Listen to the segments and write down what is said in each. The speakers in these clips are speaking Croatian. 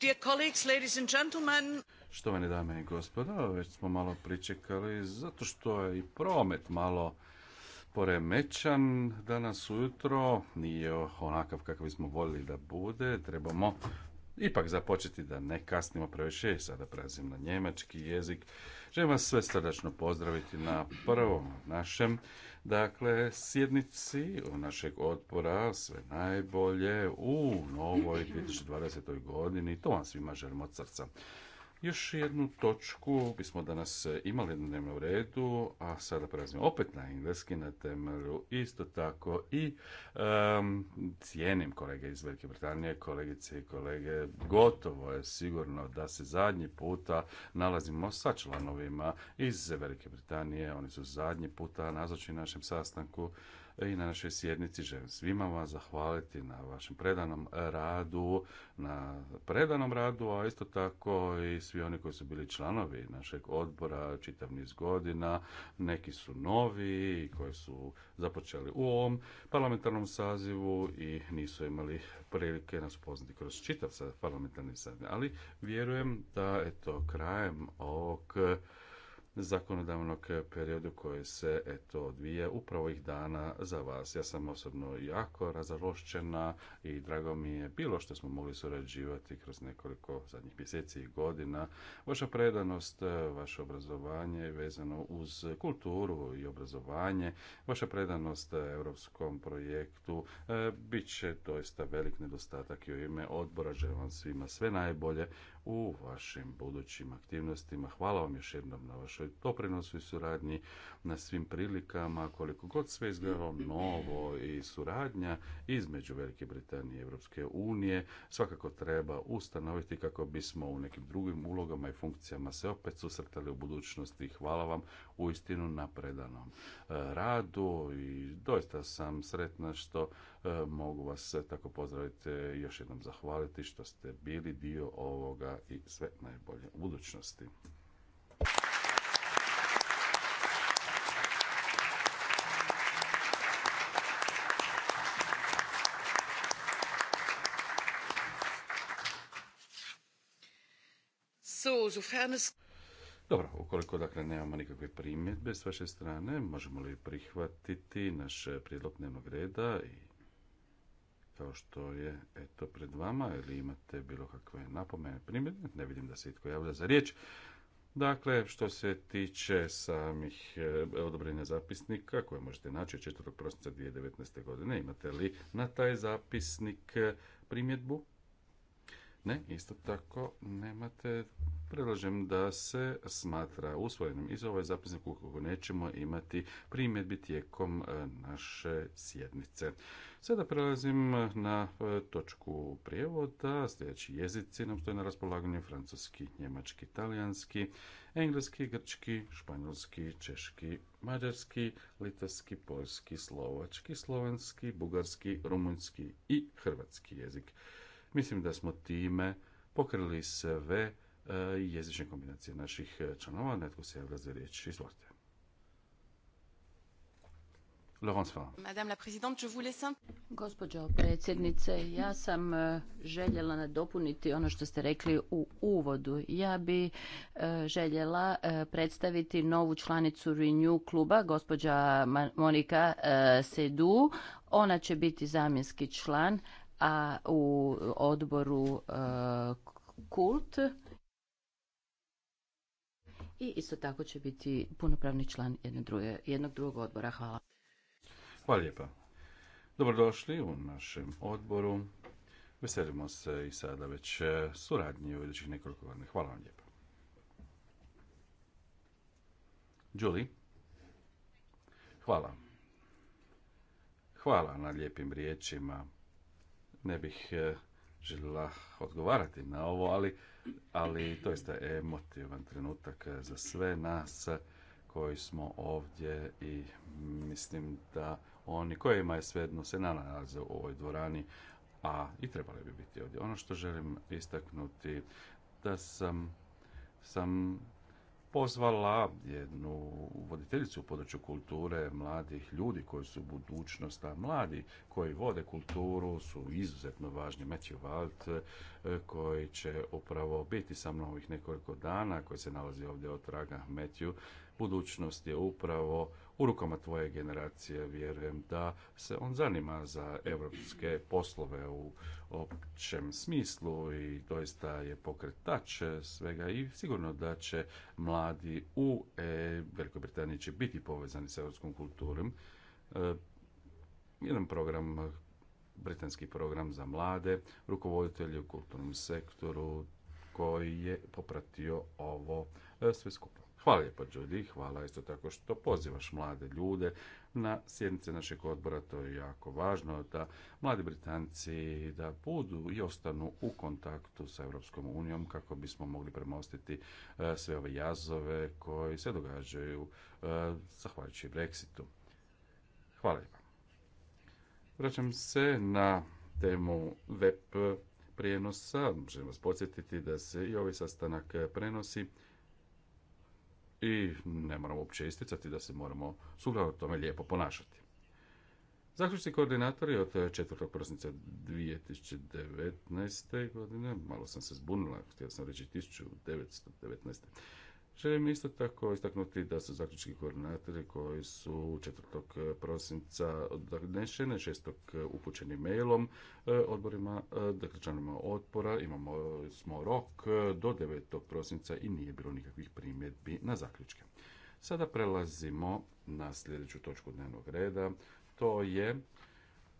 Dear colleagues, ladies and gentlemen. Štovane dame i gospodo, već smo malo pričekali zato što je i promet malo poremećan danas ujutro. Nije onakav kakav smo voljeli da bude. Trebamo ipak započeti da ne kasnimo previše. Sada prazim na njemački jezik. Želim vas sve srdačno pozdraviti na prvom našem dakle, sjednici u našeg odbora. Sve najbolje u novoj 2020. godini. To vam svima želim od srca. Još jednu točku bismo danas e, imali na dnevnom redu, a sada prelazimo opet na engleski na temelju isto tako i cijenim kolege iz Velike Britanije, kolegice i kolege, gotovo je sigurno da se zadnji puta nalazimo sa članovima iz Velike Britanije, oni su zadnji puta nazočni našem sastanku i na našoj sjednici. Želim svima vas zahvaliti na vašem predanom radu, na predanom radu, a isto tako i svi oni koji su bili članovi našeg odbora čitav niz godina. Neki su novi i koji su započeli u ovom parlamentarnom sazivu i nisu imali prilike nas upoznati kroz čitav parlamentarni saziv. Ali vjerujem da eto krajem ovog zakonodavnog periodu koji se eto odvija upravo ih dana za vas. Ja sam osobno jako razalošćena i drago mi je bilo što smo mogli surađivati kroz nekoliko zadnjih mjeseci i godina. Vaša predanost, vaše obrazovanje vezano uz kulturu i obrazovanje, vaša predanost europskom projektu e, bit će doista velik nedostatak i u ime odbora želim vam svima sve najbolje u vašim budućim aktivnostima. Hvala vam još jednom na vašoj doprinosu i suradnji na svim prilikama, koliko god sve izgledalo novo i suradnja između Velike Britanije i Europske unije svakako treba ustanoviti kako bismo u nekim drugim ulogama i funkcijama se opet susretali u budućnosti. Hvala vam uistinu na predanom eh, radu i doista sam sretna što E, mogu vas tako pozdraviti, i e, još jednom zahvaliti što ste bili dio ovoga i sve najbolje u budućnosti. Dobro, ukoliko dakle nemamo nikakve primjedbe s vaše strane, možemo li prihvatiti naš prijedlog dnevnog reda i kao što je eto pred vama ili imate bilo kakve napomene primjedbe. Ne vidim da se itko javlja za riječ. Dakle, što se tiče samih e, odobrenja zapisnika koje možete naći od 4. prosinca 2019. godine, imate li na taj zapisnik e, primjedbu? Ne, isto tako nemate. Predlažem da se smatra usvojenim iz ovaj zapisnik ukoliko nećemo imati primjedbi tijekom e, naše sjednice. Sada prelazim na e, točku prijevoda. Sljedeći jezici nam stoje na raspolaganju francuski, njemački, talijanski, engleski, grčki, španjolski, češki, mađarski, litavski, poljski, slovački, slovenski, bugarski, rumunjski i hrvatski jezik. Mislim da smo time pokrili sve e, jezične kombinacije naših e, članova. Netko se javlja za riječ. Madame la predsjednice, ja sam e, željela nadopuniti ono što ste rekli u uvodu. Ja bi željela predstaviti novu članicu Renew kluba, gospođa Monika Sedu. Ona će biti zamjenski član a u odboru e, Kult i isto tako će biti punopravni član jednog drugog odbora. Hvala. Hvala lijepa. Dobrodošli u našem odboru. Veselimo se i sada već e, suradnje u idućih nekoliko godina. Hvala vam lijepa. Julie? Hvala. Hvala na lijepim riječima ne bih e, željela odgovarati na ovo, ali, ali to je emotivan trenutak za sve nas koji smo ovdje i mislim da oni kojima je svejedno se nalaze u ovoj dvorani, a i trebali bi biti ovdje. Ono što želim istaknuti da sam sam pozvala jednu voditeljicu u području kulture mladih ljudi koji su budućnost, a mladi koji vode kulturu su izuzetno važni. Matthew eh, koji će upravo biti sa mnom ovih nekoliko dana koji se nalazi ovdje od traga Matthew. Budućnost je upravo u rukama tvoje generacije. Vjerujem da se on zanima za europske poslove u općem smislu i doista je pokretač svega i sigurno da će mladi u e, Velikoj Britaniji će biti povezani s europskom kulturom. E, jedan program britanski program za mlade, rukovoditelji u kulturnom sektoru koji je popratio ovo e, sve Hvala lijepa, Judy. Hvala isto tako što pozivaš mlade ljude na sjednice našeg odbora. To je jako važno da mladi Britanci da budu i ostanu u kontaktu sa Europskom unijom kako bismo mogli premostiti e, sve ove jazove koji se događaju e, zahvaljujući Brexitu. Hvala lijepa. Vraćam se na temu web prijenosa. Želim vas podsjetiti da se i ovaj sastanak prenosi i ne moramo uopće isticati da se moramo sukladno tome lijepo ponašati. Zaključni koordinatori od 4. prosinca 2019. godine, malo sam se zbunila, htio sam reći 1919. Želim isto tako istaknuti da su zaključki koordinatori koji su 4. prosinca odnešene, 6. upućeni mailom e, odborima, e, dakle članima odbora, imamo smo rok do 9. prosinca i nije bilo nikakvih primjedbi na zaključke. Sada prelazimo na sljedeću točku dnevnog reda, to je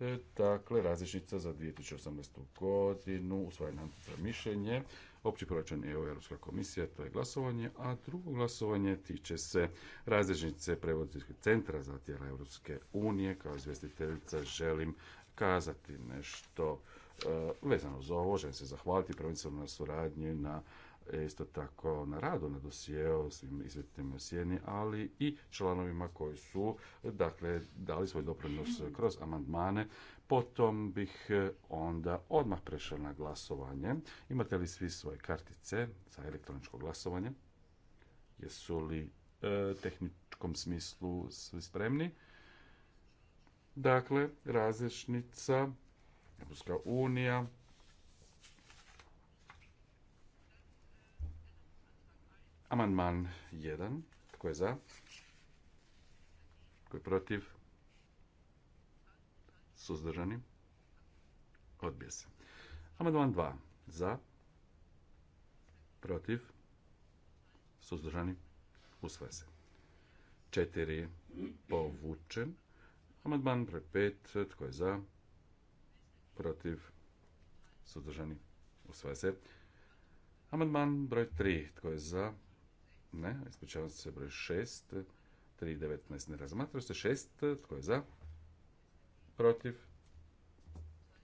e, dakle različnica za 2018. godinu, usvajanje mišljenje opći proračun EU Europska komisija, to je glasovanje, a drugo glasovanje tiče se razrežnice prevoditeljskog centra za tijela Europske unije. Kao izvjestiteljica želim kazati nešto e, vezano za ovo. Želim se zahvaliti prvenstveno na suradnji, na e, isto tako na radu na dosijeu svim izvjetnim osjeni, ali i članovima koji su dakle dali svoj doprinos kroz amandmane potom bih e, onda odmah prešao na glasovanje. Imate li svi svoje kartice za elektroničko glasovanje? Jesu li u e, tehničkom smislu svi spremni? Dakle, razrešnica, Europska unija, Amandman 1. Tko je za? Tko je protiv? suzdržani, odbije se. Amandman 2 za, protiv, suzdržani, usvaja se. 4 povučen. Amandman broj 5, tko je za, protiv, suzdržani, usvaja se. Amandman broj 3, tko je za, ne, ispričavam se broj 6, 3.19 ne razmatraju se, 6, tko je za, protiv,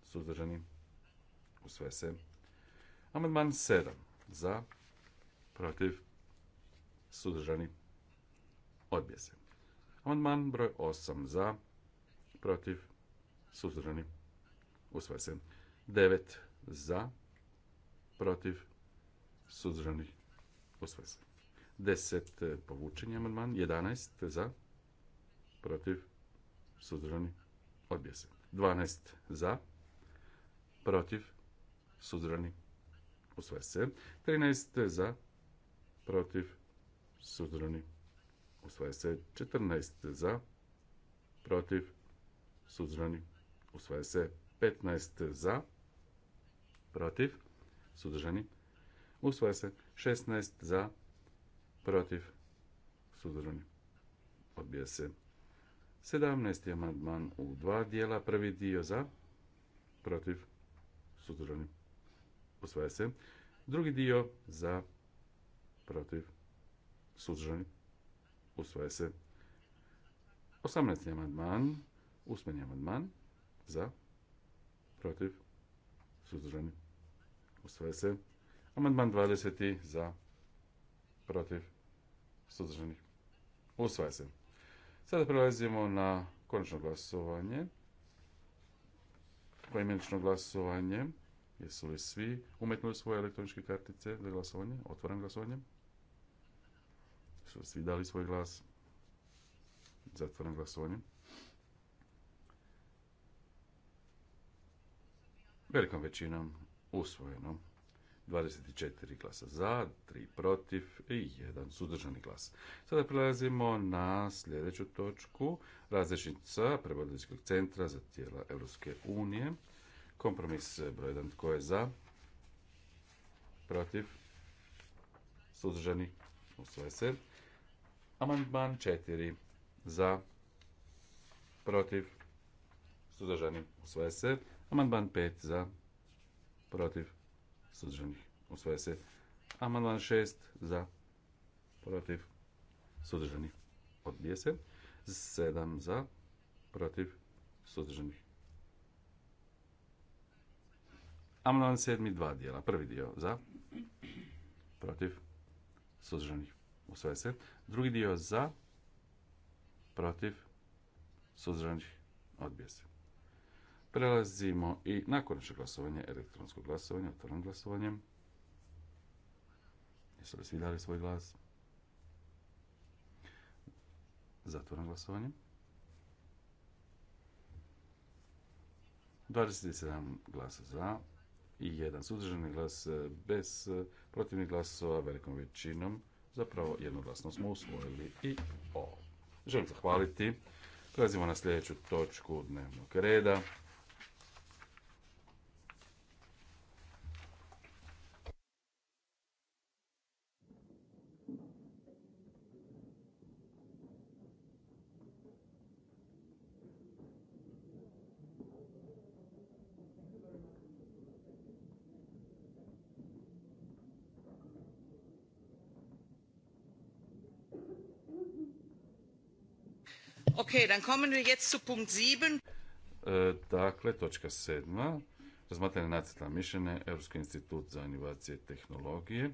suzdržani, usve se. Amandman 7 za, protiv, suzdržani, odbije se. Amandman broj 8 za, protiv, suzdržani, usve se. 9 za, protiv, suzdržani, usve se. 10 eh, povučenje amandman, 11 za, protiv, suzdržani, odbija se. 12 za, protiv, u usvaja se. 13 za, protiv, u usvaja se. 14 za, protiv, suzdržani, usvaja se. 15 za, protiv, suzdržani, usvaja se. 16 za, protiv, suzdržani, odbija se. 17. amandman u dva dijela. Prvi dio za, protiv, suzdržani, usvaja se. Drugi dio za, protiv, suzdržani, usvaja se. 18. amandman, usmeni amandman, za, protiv, suzdržani, usvaja se. Amandman 20. za, protiv, suzdržani, usvaja se. Sada prelazimo na konačno glasovanje. Poimenično glasovanje. Jesu li svi umetnuli svoje elektroničke kartice za glasovanje? Otvaram glasovanje. Jesu li svi dali svoj glas? Zatvaram glasovanje. Velikom većinom usvojeno. 24 glasa za, 3 protiv i 1 sudržani glas. Sada prelazimo na sljedeću točku, razrešnica Prevoditeljskog centra za tijela Europske unije. Kompromis broj 1, tko je za, protiv, suzdržani, usvaja se. Amandman 4, za, protiv, suzdržani, usvaja se. Amandman 5, za, protiv, suzdržani, usvaja se. Amandman 6 za, protiv, suzdržani, odbije se. 7 za, protiv, suzdržani. Amandman 7 dva dijela. Prvi dio za, protiv, suzdržani, usvaja se. Drugi dio za, protiv, suzdržani, odbije se. Prelazimo i na konačno glasovanje, elektronsko glasovanje, otvorenom glasovanjem. Jesu li svi dali svoj glas? Zatvorenom glasovanjem. 27 glasa za i jedan suzdržani glas e, bez e, protivnih glasova velikom većinom. Zapravo jednoglasno smo usvojili i ovo. Želim zahvaliti. Prelazimo na sljedeću točku dnevnog reda. E, dakle, točka sedma. Razmatranje nacrta mišljenja Europski institut za inovacije i tehnologije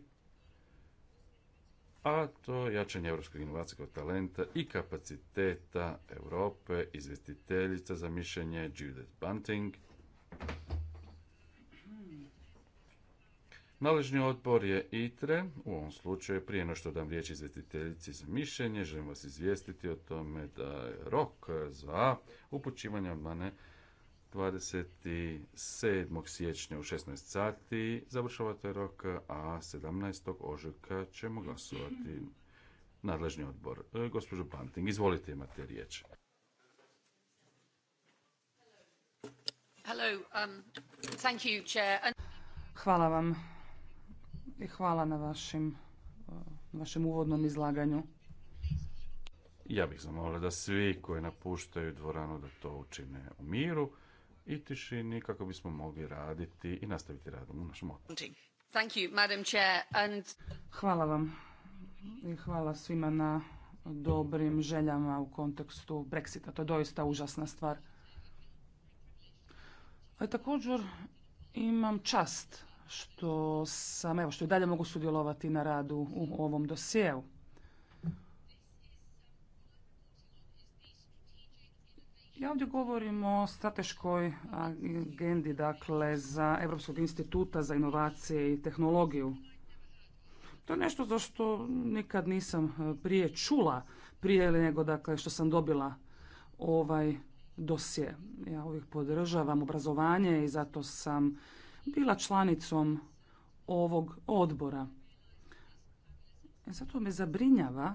a to jačanje europskog inovacijskog talenta i kapaciteta Europe, izvjestiteljica za mišljenje Judith Bunting. Nadležni odbor je ITRE, u ovom slučaju prije no što dam riječ izvjestiteljici za mišljenje, želim vas izvijestiti o tome da je rok za upućivanje amandmane 27. siječnja u 16 sati završava taj rok, a 17. ožujka ćemo glasovati nadležni odbor. E, gospođo Panting, izvolite imate riječ. Um, Hvala vam i hvala na vašim, eh, vašem uvodnom izlaganju. Ja bih zamolila da svi koji napuštaju dvoranu da to učine u miru i tišini kako bismo mogli raditi i nastaviti radom u našem odboru. Hvala vam i hvala svima na dobrim željama u kontekstu Brexita. To je doista užasna stvar. A također imam čast što sam, evo, što i dalje mogu sudjelovati na radu u ovom dosjeu. Ja ovdje govorim o strateškoj agendi, dakle, za Europskog instituta za inovacije i tehnologiju. To je nešto za što nikad nisam e, prije čula, prije nego, dakle, što sam dobila ovaj dosje. Ja uvijek podržavam obrazovanje i zato sam bila članicom ovog odbora. E, zato me zabrinjava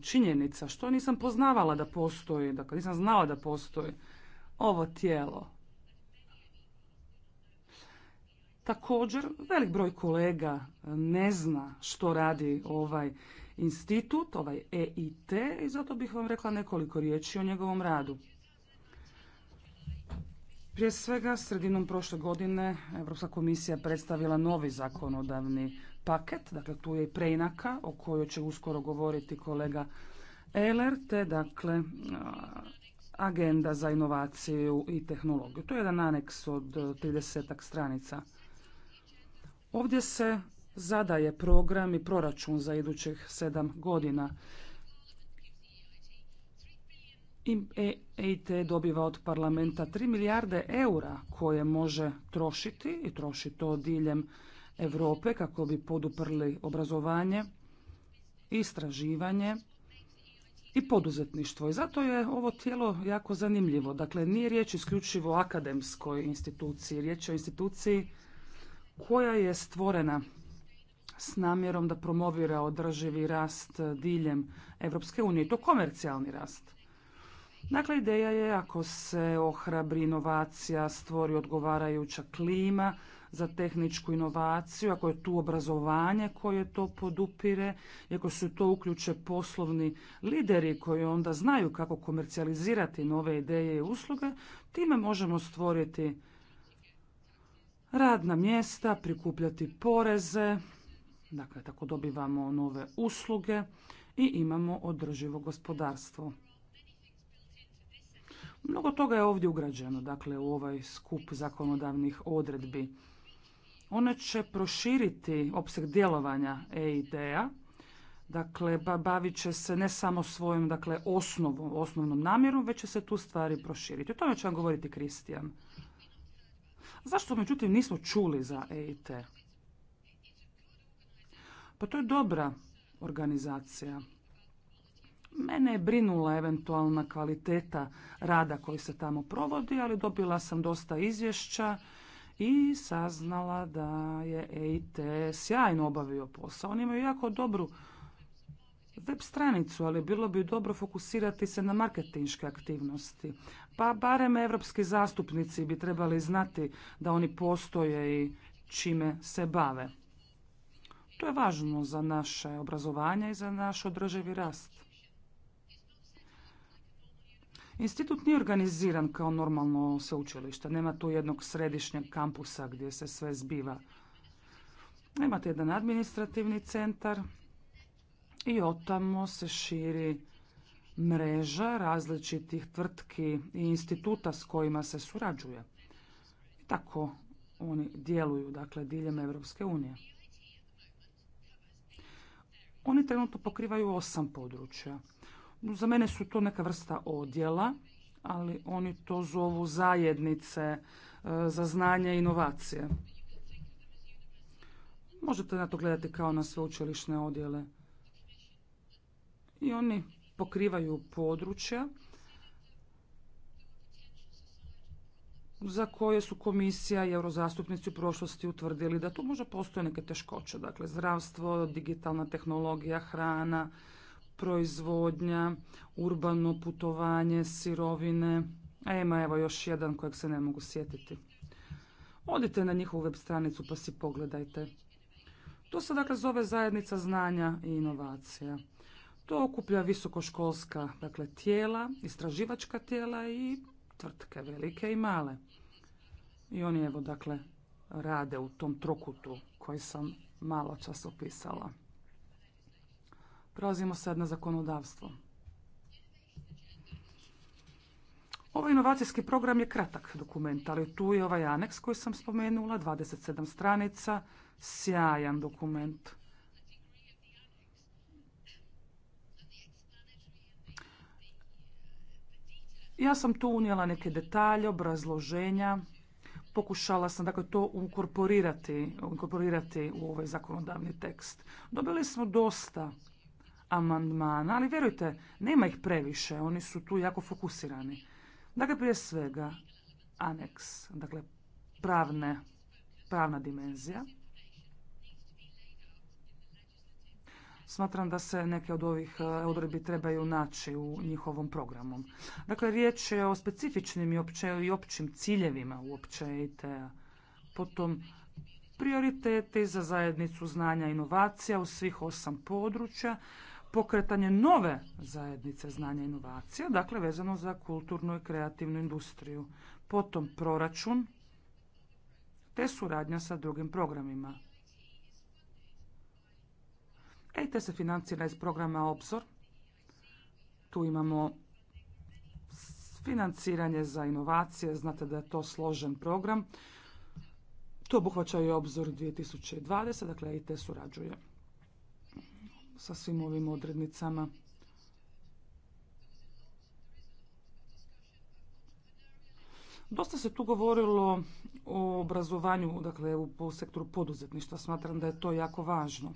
činjenica što nisam poznavala da postoji, dakle nisam znala da postoji ovo tijelo. Također, velik broj kolega ne zna što radi ovaj institut, ovaj EIT i zato bih vam rekla nekoliko riječi o njegovom radu. Prije svega, sredinom prošle godine Europska komisija predstavila novi zakonodavni paket, dakle tu je i preinaka o kojoj će uskoro govoriti kolega Eler, te dakle agenda za inovaciju i tehnologiju. To je jedan aneks od 30 stranica. Ovdje se zadaje program i proračun za idućih sedam godina. EIT dobiva od parlamenta 3 milijarde eura koje može trošiti i troši to diljem Europe kako bi poduprli obrazovanje, istraživanje i poduzetništvo. I zato je ovo tijelo jako zanimljivo. Dakle, nije riječ isključivo o akademskoj instituciji, riječ je o instituciji koja je stvorena s namjerom da promovira održivi rast diljem Europske unije, to komercijalni rast. Dakle, ideja je ako se ohrabri inovacija, stvori odgovarajuća klima za tehničku inovaciju, ako je tu obrazovanje koje to podupire, ako se to uključe poslovni lideri koji onda znaju kako komercijalizirati nove ideje i usluge, time možemo stvoriti radna mjesta, prikupljati poreze, dakle tako dobivamo nove usluge i imamo održivo gospodarstvo. Mnogo toga je ovdje ugrađeno, dakle, u ovaj skup zakonodavnih odredbi. One će proširiti opseg djelovanja EID-a, dakle, bavit će se ne samo svojom, dakle, osnovom, osnovnom namjerom, već će se tu stvari proširiti. O tome će vam govoriti Kristijan. Zašto, međutim, nismo čuli za EIT? Pa to je dobra organizacija. Mene je brinula eventualna kvaliteta rada koji se tamo provodi, ali dobila sam dosta izvješća i saznala da je EIT sjajno obavio posao. Oni imaju jako dobru web stranicu, ali bilo bi dobro fokusirati se na marketinške aktivnosti. Pa barem evropski zastupnici bi trebali znati da oni postoje i čime se bave. To je važno za naše obrazovanje i za naš održivi rast. Institut nije organiziran kao normalno sveučilište, nema tu jednog središnjeg kampusa gdje se sve zbiva. Imate jedan administrativni centar i otamo se širi mreža različitih tvrtki i instituta s kojima se surađuje. tako oni djeluju, dakle, diljem Evropske unije. Oni trenutno pokrivaju osam područja za mene su to neka vrsta odjela, ali oni to zovu zajednice e, za znanje i inovacije. Možete na to gledati kao na sveučilišne odjele. I oni pokrivaju područja za koje su komisija i eurozastupnici u prošlosti utvrdili da tu možda postoje neke teškoće. Dakle, zdravstvo, digitalna tehnologija, hrana, proizvodnja, urbano putovanje, sirovine. A ima evo još jedan kojeg se ne mogu sjetiti. Odite na njihovu web stranicu pa si pogledajte. To se dakle zove zajednica znanja i inovacija. To okuplja visokoškolska dakle, tijela, istraživačka tijela i tvrtke velike i male. I oni evo dakle rade u tom trokutu koji sam malo čas opisala. Prelazimo sad na zakonodavstvo. Ovaj inovacijski program je kratak dokument, ali tu je ovaj aneks koji sam spomenula, 27 stranica, sjajan dokument. Ja sam tu unijela neke detalje, obrazloženja. Pokušala sam dakle, to ukorporirati u ovaj zakonodavni tekst. Dobili smo dosta amandmana, ali vjerujte, nema ih previše, oni su tu jako fokusirani. Dakle, prije svega, aneks, dakle, pravne, pravna dimenzija. Smatram da se neke od ovih e, odredbi trebaju naći u njihovom programu. Dakle, riječ je o specifičnim i, i općim ciljevima uopće ITA. Potom, prioritete za zajednicu znanja i inovacija u svih osam područja, pokretanje nove zajednice znanja i inovacija, dakle vezano za kulturnu i kreativnu industriju, potom proračun te suradnja sa drugim programima. EIT se financira iz programa Obzor. Tu imamo financiranje za inovacije, znate da je to složen program. To obuhvaća i obzor 2020, dakle i surađuje sa svim ovim odrednicama. Dosta se tu govorilo o obrazovanju, dakle, u sektoru poduzetništva. Smatram da je to jako važno.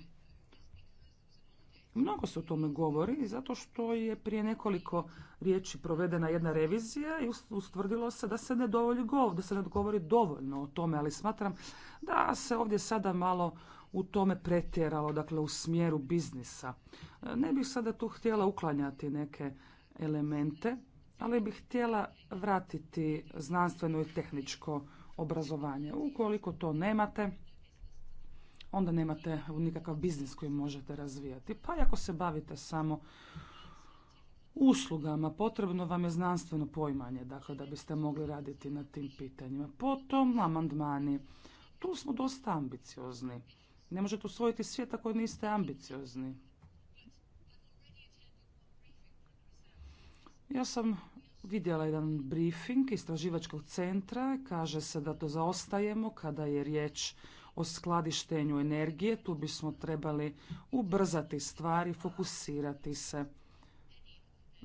Mnogo se o tome govori zato što je prije nekoliko riječi provedena jedna revizija i ustvrdilo se da se ne dovolji da se ne govori dovoljno o tome, ali smatram da se ovdje sada malo u tome pretjeralo, dakle u smjeru biznisa. Ne bih sada tu htjela uklanjati neke elemente, ali bih htjela vratiti znanstveno i tehničko obrazovanje. Ukoliko to nemate, onda nemate nikakav biznis koji možete razvijati. Pa ako se bavite samo uslugama, potrebno vam je znanstveno poimanje, dakle da biste mogli raditi na tim pitanjima. Potom amandmani. Tu smo dosta ambiciozni. Ne možete usvojiti svijet ako niste ambiciozni. Ja sam vidjela jedan briefing istraživačkog centra. Kaže se da to zaostajemo kada je riječ o skladištenju energije. Tu bismo trebali ubrzati stvari, fokusirati se.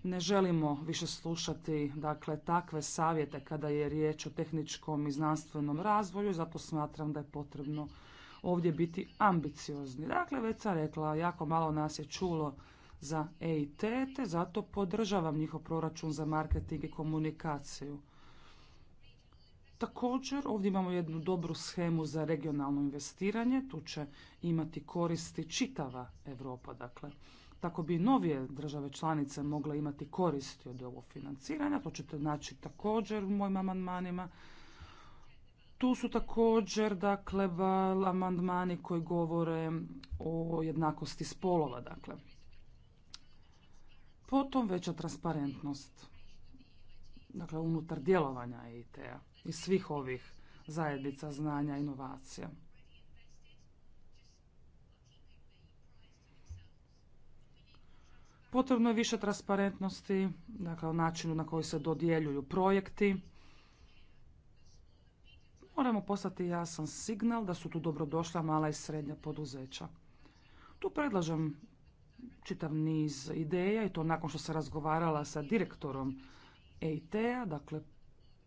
Ne želimo više slušati dakle, takve savjete kada je riječ o tehničkom i znanstvenom razvoju, zato smatram da je potrebno ovdje biti ambiciozni. Dakle, već sam rekla, jako malo nas je čulo za EIT, te zato podržavam njihov proračun za marketing i komunikaciju. Također, ovdje imamo jednu dobru schemu za regionalno investiranje, tu će imati koristi čitava Europa, dakle. Tako bi i novije države članice mogle imati koristi od ovog financiranja, to ćete naći također u mojim amandmanima. Tu su također dakle amandmani koji govore o jednakosti spolova dakle. Potom veća transparentnost dakle unutar djelovanja IT-a i svih ovih zajednica znanja inovacija. Potrebno je više transparentnosti, dakle o načinu na koji se dodjeljuju projekti, Moramo poslati jasan signal da su tu dobrodošla mala i srednja poduzeća. Tu predlažem čitav niz ideja i to nakon što se razgovarala sa direktorom EIT-a, dakle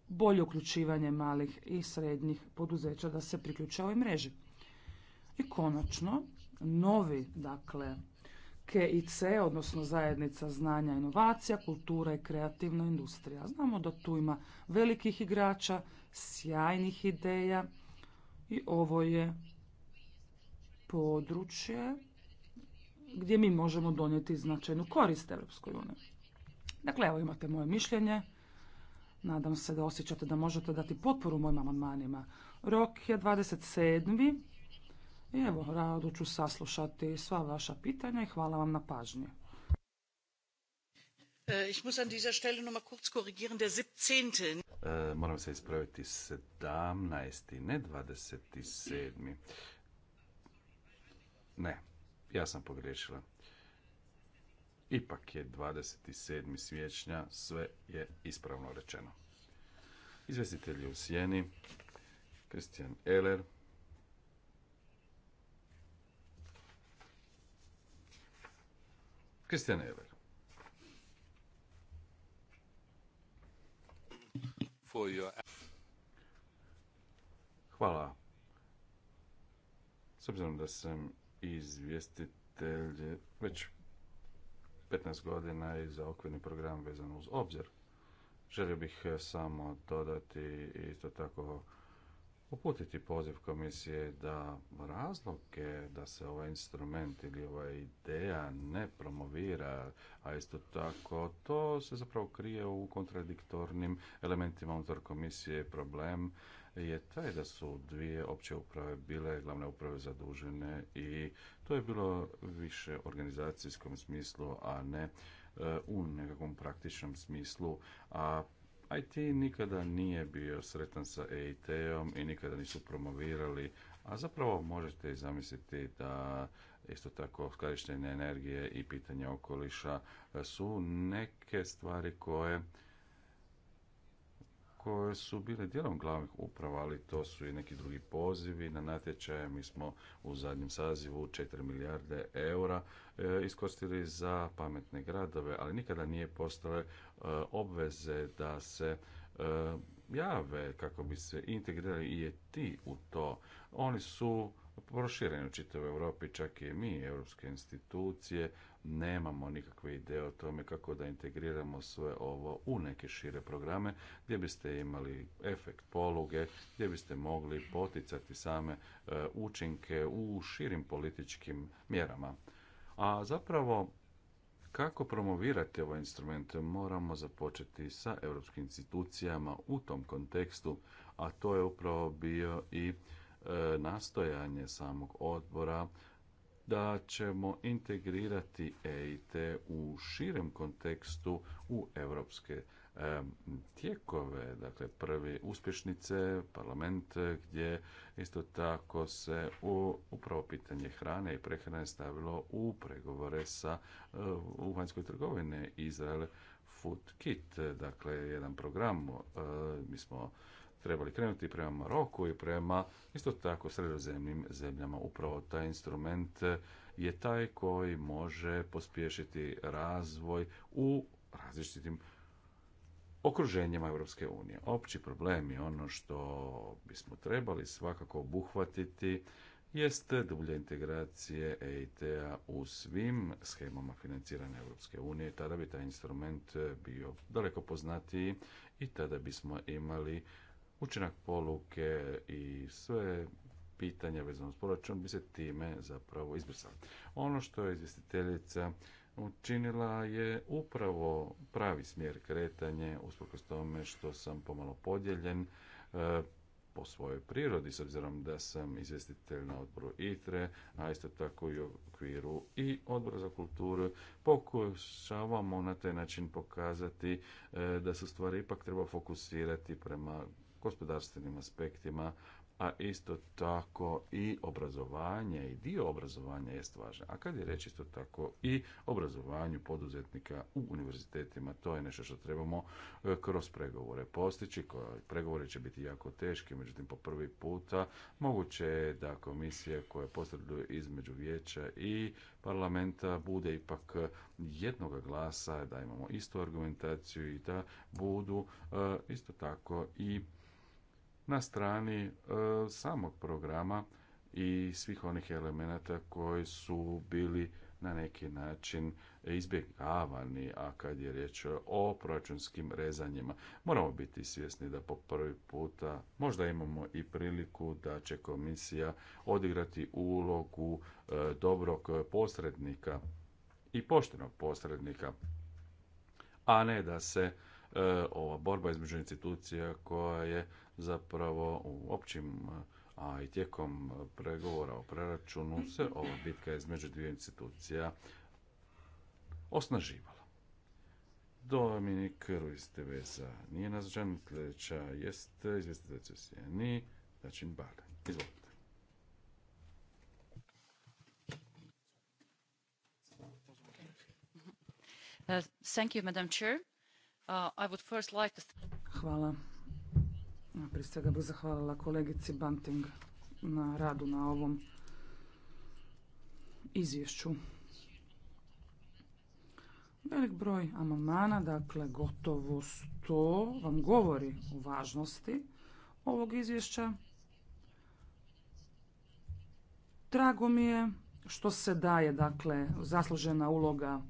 bolje uključivanje malih i srednjih poduzeća da se priključe ovoj mreži. I konačno, novi, dakle, KIC, odnosno zajednica znanja, inovacija, kultura i kreativna industrija. Znamo da tu ima velikih igrača, sjajnih ideja i ovo je područje gdje mi možemo donijeti značajnu korist Europskoj uniji. Dakle, evo imate moje mišljenje. Nadam se da osjećate da možete dati potporu mojim amandmanima. Rok je 27. I evo, rado ću saslušati sva vaša pitanja i hvala vam na pažnje. Äh, ich muss an dieser Stelle noch mal kurz korrigieren, der 17. E, äh, moram se ispraviti 17. ne 27. Ne, ja sam pogriješila. Ipak je 27. siječnja, sve je ispravno rečeno. Izvestitelji u Sjeni, Kristijan Eler, Kristijan Eler. Hvala. S obzirom da sam izvjestitelj već 15 godina i za okvirni program vezan uz obzir, želio bih samo dodati isto tako uputiti poziv komisije da razloge da se ovaj instrument ili ova ideja ne promovira, a isto tako to se zapravo krije u kontradiktornim elementima unutar komisije problem je taj da su dvije opće uprave bile glavne uprave zadužene i to je bilo više organizacijskom smislu, a ne e, u nekakvom praktičnom smislu, a IT nikada nije bio sretan sa EIT-om i nikada nisu promovirali, a zapravo možete i zamisliti da isto tako skladištenje energije i pitanje okoliša su neke stvari koje koje su bile dijelom glavnih uprava, ali to su i neki drugi pozivi na natječaje. Mi smo u zadnjem sazivu 4 milijarde eura e, iskoristili za pametne gradove, ali nikada nije postale e, obveze da se e, jave kako bi se integrirali i ti u to. Oni su prošireni u čitavoj Europi, čak i mi, europske institucije, nemamo nikakve ideje o tome kako da integriramo sve ovo u neke šire programe gdje biste imali efekt poluge, gdje biste mogli poticati same e, učinke u širim političkim mjerama. A zapravo kako promovirati ovaj instrument moramo započeti sa europskim institucijama u tom kontekstu, a to je upravo bio i e, nastojanje samog odbora da ćemo integrirati EIT u širem kontekstu u europske tijekove, dakle prvi uspješnice, parlament gdje isto tako se upravo pitanje hrane i prehrane stavilo u pregovore sa e, u vanjskoj trgovine Izrael Food Kit, dakle jedan program, e, mi smo trebali krenuti prema Maroku i prema isto tako sredozemnim zemljama. Upravo taj instrument je taj koji može pospješiti razvoj u različitim okruženjima Europske unije. Opći problem je ono što bismo trebali svakako obuhvatiti jest dublja integracije EIT-a u svim schemama financiranja Europske unije. Tada bi taj instrument bio daleko poznatiji i tada bismo imali učinak poluke i sve pitanja vezano s proračun bi se time zapravo izbrisala Ono što je izvjestiteljica učinila je upravo pravi smjer kretanje usprkos tome što sam pomalo podijeljen e, po svojoj prirodi s obzirom da sam izvjestitelj na odboru ITRE, a isto tako i u okviru i odbora za kulturu pokušavamo na taj način pokazati e, da se stvari ipak treba fokusirati prema gospodarstvenim aspektima, a isto tako i obrazovanje i dio obrazovanja je važan. A kad je reći isto tako i obrazovanju poduzetnika u univerzitetima, to je nešto što trebamo e, kroz pregovore postići. Pregovori će biti jako teški, međutim po prvi puta moguće je da komisija koja posreduje između vijeća i parlamenta bude ipak jednoga glasa, da imamo istu argumentaciju i da budu e, isto tako i na strani e, samog programa i svih onih elemenata koji su bili na neki način izbjegavani, a kad je riječ o proračunskim rezanjima. Moramo biti svjesni da po prvi puta možda imamo i priliku da će komisija odigrati ulogu e, dobrog posrednika i poštenog posrednika, a ne da se e, ova borba između institucija koja je zapravo u općim a i tijekom pregovora o preračunu se ova bitka između dvije institucija osnaživala. Dominik Ruiz Teveza nije nazočan, sljedeća jest izvjestiteljica Sjeni, Dačin Bale. Izvolite. Hvala. Prije svega bih zahvalila kolegici Banting na radu na ovom izvješću. Velik broj amandmana, dakle gotovo sto, vam govori o važnosti ovog izvješća. Drago mi je što se daje dakle zaslužena uloga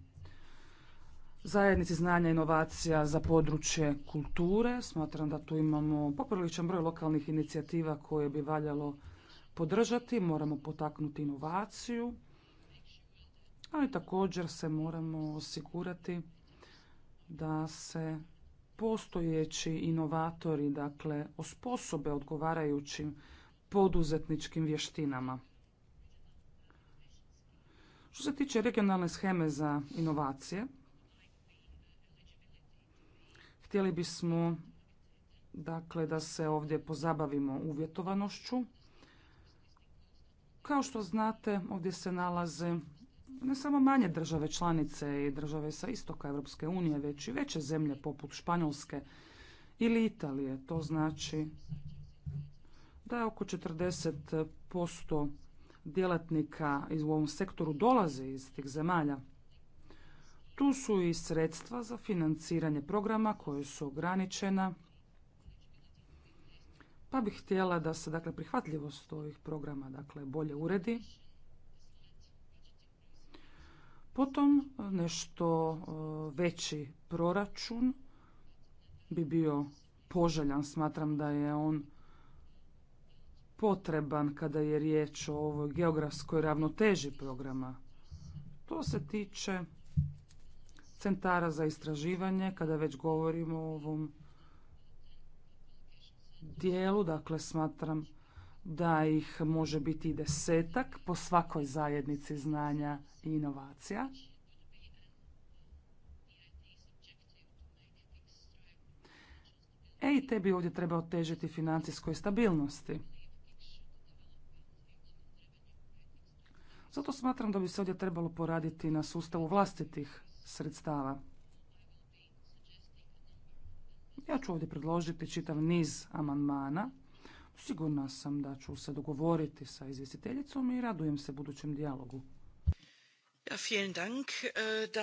zajednici znanja i inovacija za područje kulture. Smatram da tu imamo popriličan broj lokalnih inicijativa koje bi valjalo podržati. Moramo potaknuti inovaciju, ali također se moramo osigurati da se postojeći inovatori dakle osposobe odgovarajućim poduzetničkim vještinama. Što se tiče regionalne sheme za inovacije, Htjeli bismo dakle da se ovdje pozabavimo uvjetovanošću. Kao što znate, ovdje se nalaze ne samo manje države članice i države sa istoka Europske unije, već i veće zemlje poput Španjolske ili Italije. To znači da je oko 40% djelatnika u ovom sektoru dolazi iz tih zemalja. Tu su i sredstva za financiranje programa koje su ograničena. Pa bih htjela da se dakle prihvatljivost ovih programa dakle bolje uredi. Potom nešto e, veći proračun bi bio poželjan, smatram da je on potreban kada je riječ o ovoj geografskoj ravnoteži programa. To se tiče centara za istraživanje, kada već govorimo o ovom dijelu, dakle smatram da ih može biti i desetak po svakoj zajednici znanja i inovacija. E i te bi ovdje trebao težiti financijskoj stabilnosti. Zato smatram da bi se ovdje trebalo poraditi na sustavu vlastitih sredstava. Ja ću ovdje predložiti čitav niz amandmana. Sigurna sam da ću se dogovoriti sa izvjestiteljicom i radujem se budućem dijalogu. Eh,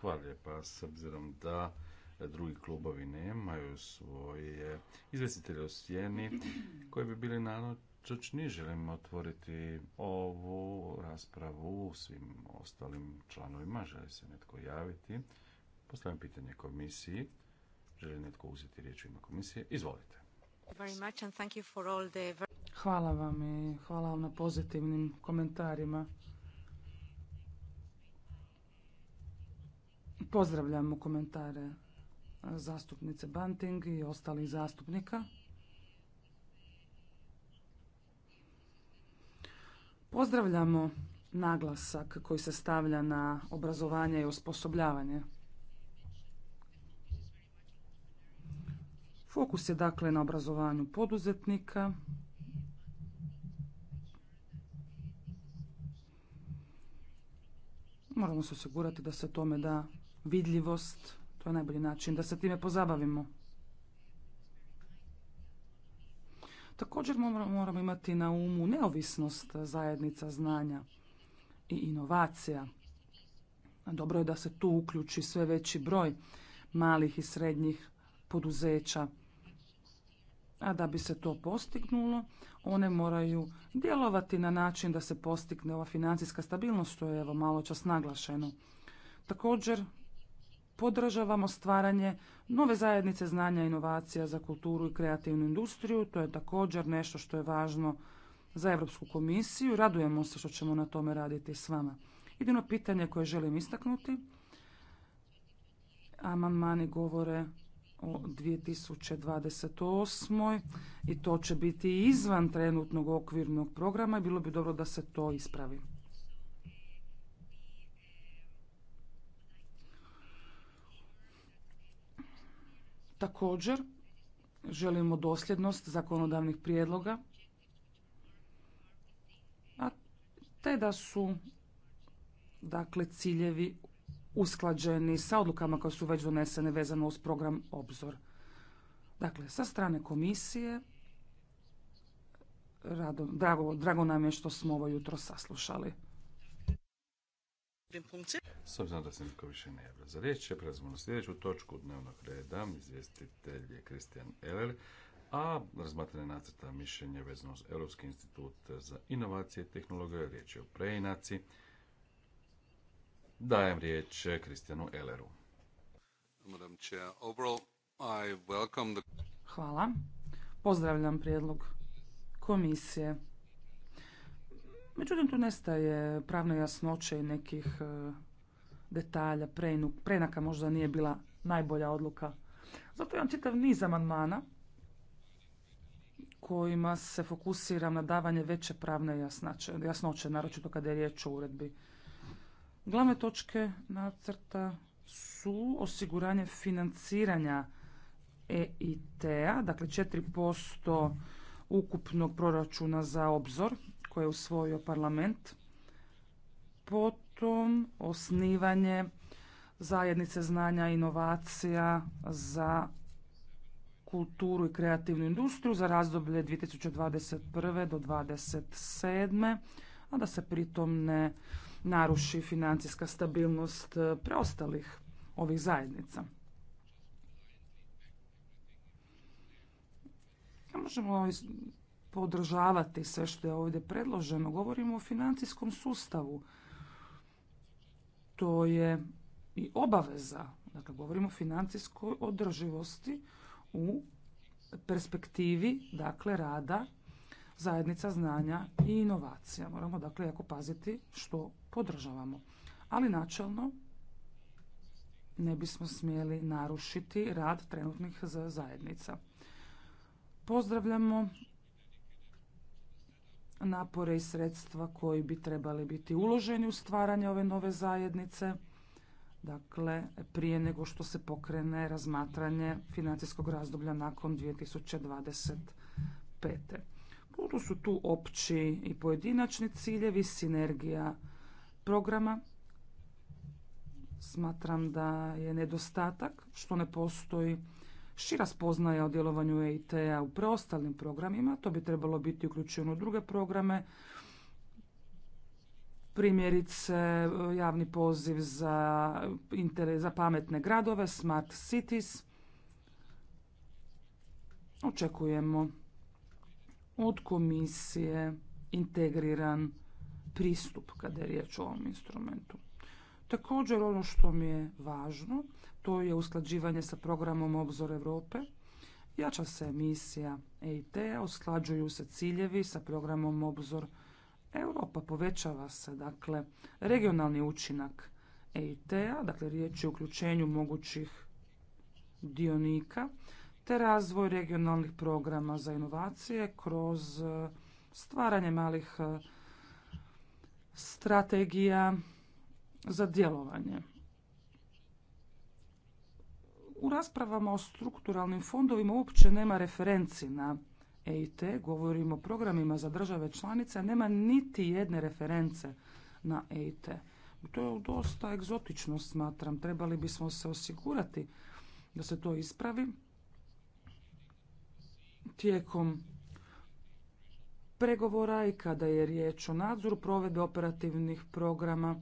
Hvala lijepa, s obzirom da drugi klubovi nemaju svoje izvjestitelje o sjeni koji bi bili Čučni želimo otvoriti ovu raspravu svim ostalim članovima. Želi se netko javiti. Postavljam pitanje komisiji. Želi netko uzeti riječ u ime komisije? Izvolite. Hvala vam i hvala vam na pozitivnim komentarima. Pozdravljamo komentare zastupnice Banting i ostalih zastupnika. Pozdravljamo naglasak koji se stavlja na obrazovanje i osposobljavanje. Fokus je dakle na obrazovanju poduzetnika. Moramo se osigurati da se tome da vidljivost. To je najbolji način da se time pozabavimo. Također moramo imati na umu neovisnost zajednica znanja i inovacija. Dobro je da se tu uključi sve veći broj malih i srednjih poduzeća. A da bi se to postignulo, one moraju djelovati na način da se postigne ova financijska stabilnost, što je evo malo čas naglašeno. Također podržavamo stvaranje nove zajednice znanja i inovacija za kulturu i kreativnu industriju. To je također nešto što je važno za Europsku komisiju. Radujemo se što ćemo na tome raditi s vama. Jedino pitanje koje želim istaknuti, amandmani govore o 2028. i to će biti izvan trenutnog okvirnog programa i bilo bi dobro da se to ispravi. Također, želimo dosljednost zakonodavnih prijedloga, a te da su dakle ciljevi usklađeni sa odlukama koje su već donesene vezano uz program Obzor. Dakle, sa strane komisije, drago, drago nam je što smo ovo jutro saslušali. S obzirom da se niko više ne javlja za riječ, prelazimo na sljedeću točku dnevnog reda. Izvjestitelj je Kristijan Eller, a razmatranje nacrta mišljenja vezano s Europski institut za inovacije i tehnologije, riječ je o preinaci. Dajem riječ Kristijanu Elleru. Hvala. Pozdravljam prijedlog komisije Međutim, tu nestaje pravne jasnoće i nekih e, detalja, prenaka možda nije bila najbolja odluka. Zato imam čitav niz amandmana kojima se fokusiram na davanje veće pravne jasnoće, naročito kada je riječ o uredbi. Glavne točke nacrta su osiguranje financiranja EIT-a, dakle 4% ukupnog proračuna za obzor koje je usvojio parlament, potom osnivanje zajednice znanja i inovacija za kulturu i kreativnu industriju za razdoblje 2021. do 2027. a da se pritom ne naruši financijska stabilnost eh, preostalih ovih zajednica. Možemo podržavati sve što je ovdje predloženo. Govorimo o financijskom sustavu. To je i obaveza. Dakle, govorimo o financijskoj održivosti u perspektivi dakle, rada zajednica znanja i inovacija. Moramo dakle jako paziti što podržavamo. Ali načelno ne bismo smjeli narušiti rad trenutnih zajednica. Pozdravljamo napore i sredstva koji bi trebali biti uloženi u stvaranje ove nove zajednice, dakle prije nego što se pokrene razmatranje financijskog razdoblja nakon 2025. Budu su tu opći i pojedinačni ciljevi, sinergija programa. Smatram da je nedostatak što ne postoji Šira spoznaja o djelovanju EIT-a u preostalim programima, to bi trebalo biti uključeno u druge programe, primjerice javni poziv za, za pametne gradove, smart cities. Očekujemo od komisije integriran pristup kada je riječ o ovom instrumentu. Također ono što mi je važno to je usklađivanje sa programom Obzor Europe. Jača se emisija eit usklađuju se ciljevi sa programom Obzor Europa. Povećava se dakle regionalni učinak EIT-a, dakle riječ je o uključenju mogućih dionika, te razvoj regionalnih programa za inovacije kroz e, stvaranje malih e, strategija za djelovanje. U raspravama o strukturalnim fondovima uopće nema referenci na EIT, govorimo o programima za države članice, a nema niti jedne reference na EIT. To je dosta egzotično, smatram. Trebali bismo se osigurati da se to ispravi tijekom pregovora i kada je riječ o nadzoru provedbe operativnih programa.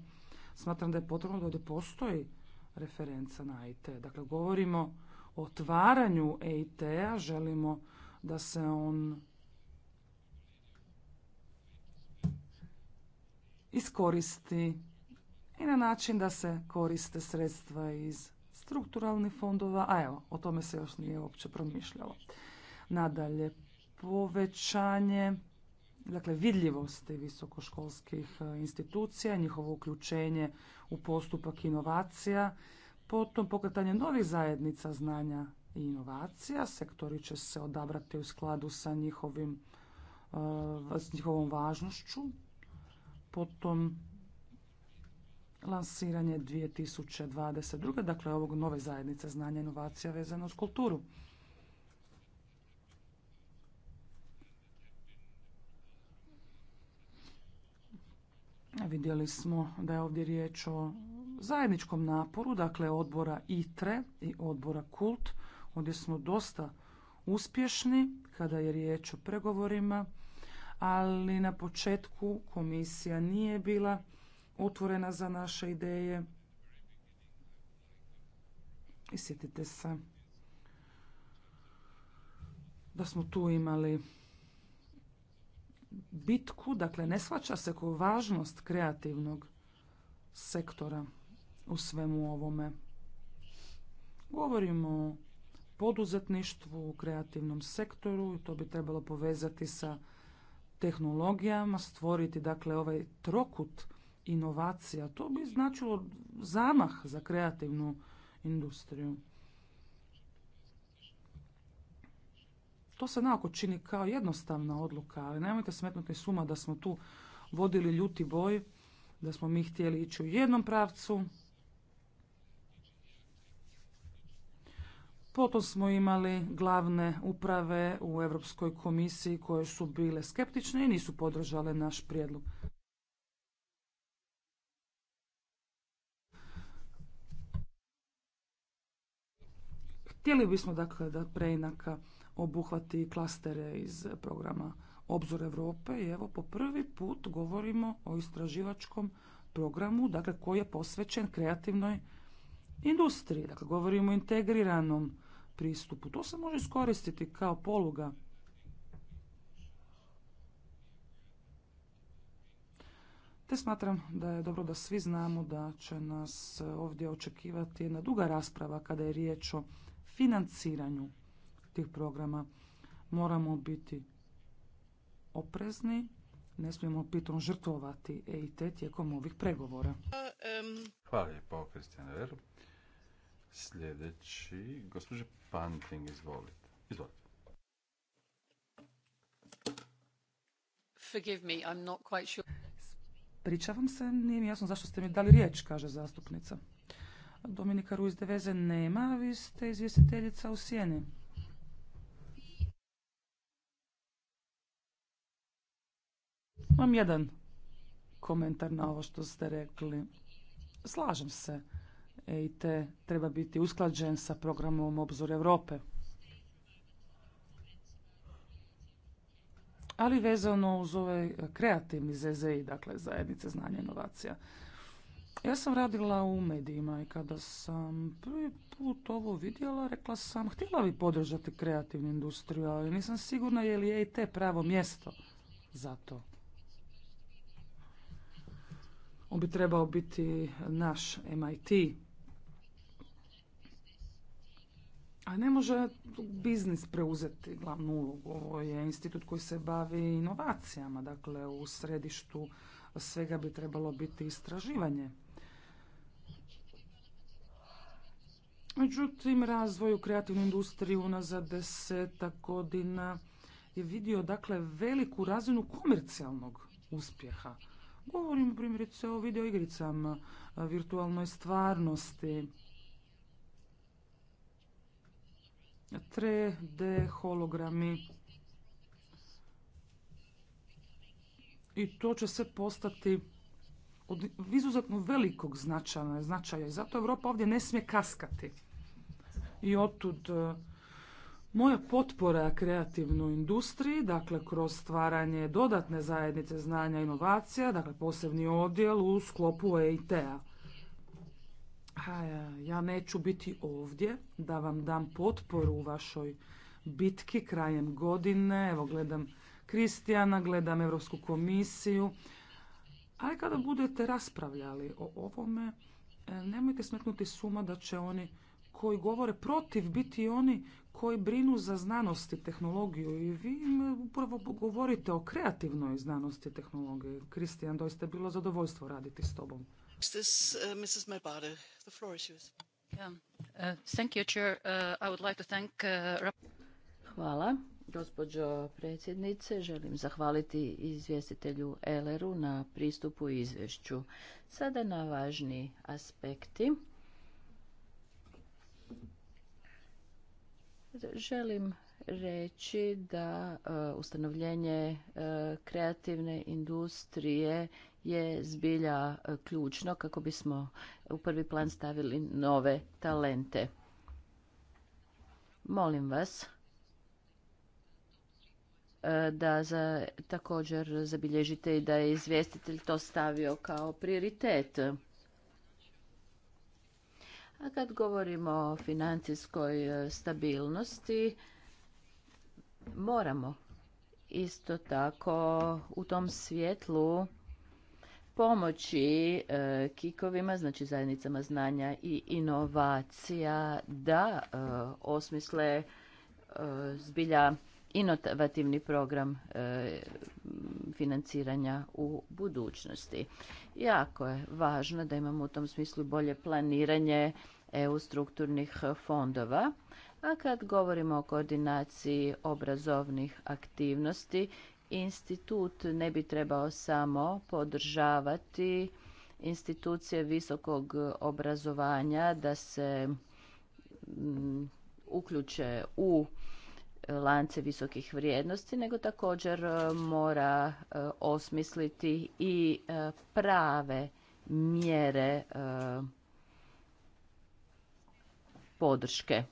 Smatram da je potrebno da postoji referenca na IT. Dakle, govorimo o otvaranju EIT-a, želimo da se on iskoristi i na način da se koriste sredstva iz strukturalnih fondova, a evo, o tome se još nije uopće promišljalo. Nadalje, povećanje dakle, vidljivosti visokoškolskih e, institucija, njihovo uključenje u postupak inovacija, potom pokretanje novih zajednica znanja i inovacija. Sektori će se odabrati u skladu sa njihovim, e, s njihovom važnošću. Potom lansiranje 2022. dakle ovog nove zajednice znanja i inovacija vezano uz kulturu. Vidjeli smo da je ovdje riječ o zajedničkom naporu, dakle odbora ITRE i odbora KULT. Ovdje smo dosta uspješni kada je riječ o pregovorima, ali na početku komisija nije bila otvorena za naše ideje. I sjetite se da smo tu imali bitku, dakle ne shvaća se ko važnost kreativnog sektora u svemu ovome. Govorimo o poduzetništvu, u kreativnom sektoru i to bi trebalo povezati sa tehnologijama, stvoriti dakle ovaj trokut inovacija. To bi značilo zamah za kreativnu industriju. To se nekako čini kao jednostavna odluka, ali nemojte smetnuti suma da smo tu vodili ljuti boj, da smo mi htjeli ići u jednom pravcu. Potom smo imali glavne uprave u Europskoj komisiji koje su bile skeptične i nisu podržale naš prijedlog. Htjeli bismo dakle da preinaka obuhvati klastere iz programa Obzor Europe i evo po prvi put govorimo o istraživačkom programu dakle koji je posvećen kreativnoj industriji. Dakle, govorimo o integriranom pristupu. To se može iskoristiti kao poluga Te smatram da je dobro da svi znamo da će nas ovdje očekivati jedna duga rasprava kada je riječ o financiranju tih programa. Moramo biti oprezni, ne smijemo pitom žrtvovati EIT tijekom ovih pregovora. Hvala lijepo, Kristijan Sljedeći, gospođe Panting, izvolite. Izvolite. Forgive Pričavam se, nije mi jasno zašto ste mi dali riječ, kaže zastupnica. Dominika Ruiz de Veze nema, vi ste izvjestiteljica u Sjeni. Imam jedan komentar na ovo što ste rekli. Slažem se. EIT treba biti usklađen sa programom Obzor Europe. Ali vezano uz ovaj kreativni ZZI, dakle zajednice znanja i inovacija. Ja sam radila u medijima i kada sam prvi put ovo vidjela, rekla sam htjela bi podržati kreativnu industriju, ali nisam sigurna je li EIT pravo mjesto za to. On bi trebao biti naš MIT. A ne može biznis preuzeti glavnu ulogu. Ovo je institut koji se bavi inovacijama. Dakle, u središtu svega bi trebalo biti istraživanje. Međutim, razvoj u kreativnu industriju unazad desetak godina je vidio dakle veliku razinu komercijalnog uspjeha. Govorim primjerice o videoigricama, virtualnoj stvarnosti, 3D hologrami. I to će se postati od izuzetno velikog značaja, značaja. i zato Evropa ovdje ne smije kaskati. I otud moja potpora kreativnoj industriji, dakle kroz stvaranje dodatne zajednice znanja i inovacija, dakle posebni odjel u sklopu EIT-a. Ja neću biti ovdje da vam dam potporu u vašoj bitki krajem godine. Evo gledam Kristijana, gledam Europsku komisiju. Ali kada budete raspravljali o ovome, e, nemojte smetnuti suma da će oni koji govore protiv biti oni koji brinu za znanost i tehnologiju i vi upravo govorite o kreativnoj znanosti i tehnologiji. Kristijan, doista je bilo zadovoljstvo raditi s tobom. Hvala, gospođo predsjednice. Želim zahvaliti izvjestitelju Eleru na pristupu i izvješću. Sada na važni aspekti Želim reći da e, ustanovljenje e, kreativne industrije je zbilja e, ključno kako bismo u prvi plan stavili nove talente. Molim vas da za, također zabilježite i da je izvjestitelj to stavio kao prioritet. A kad govorimo o financijskoj e, stabilnosti, moramo isto tako u tom svjetlu pomoći e, kikovima, znači zajednicama znanja i inovacija, da e, osmisle zbilja inovativni program financiranja u budućnosti. Jako je važno da imamo u tom smislu bolje planiranje EU strukturnih fondova. A kad govorimo o koordinaciji obrazovnih aktivnosti, institut ne bi trebao samo podržavati institucije visokog obrazovanja da se uključe u lance visokih vrijednosti, nego također e, mora e, osmisliti i e, prave mjere podrške.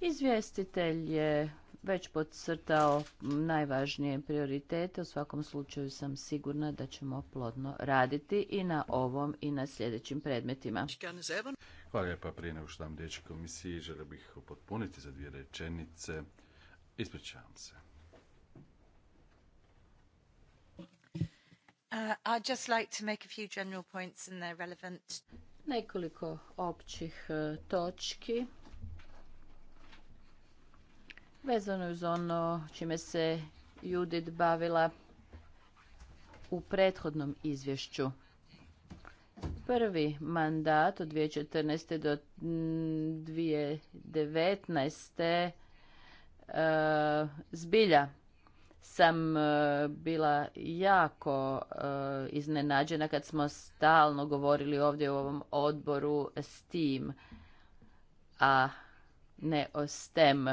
Izvjestitelj je već podcrtao najvažnije prioritete. U svakom slučaju sam sigurna da ćemo plodno raditi i na ovom i na sljedećim predmetima. Hvala lijepa. Prije nego što vam komisiji, želio bih potpuniti za dvije rečenice. Ispričavam se. Uh, just like to Nekoliko općih uh, točki Vezano uz ono čime se Judit bavila u prethodnom izvješću. Prvi mandat od 2014. do 2019. Mm, e, zbilja sam e, bila jako e, iznenađena kad smo stalno govorili ovdje u ovom odboru s tim, a ne o STEM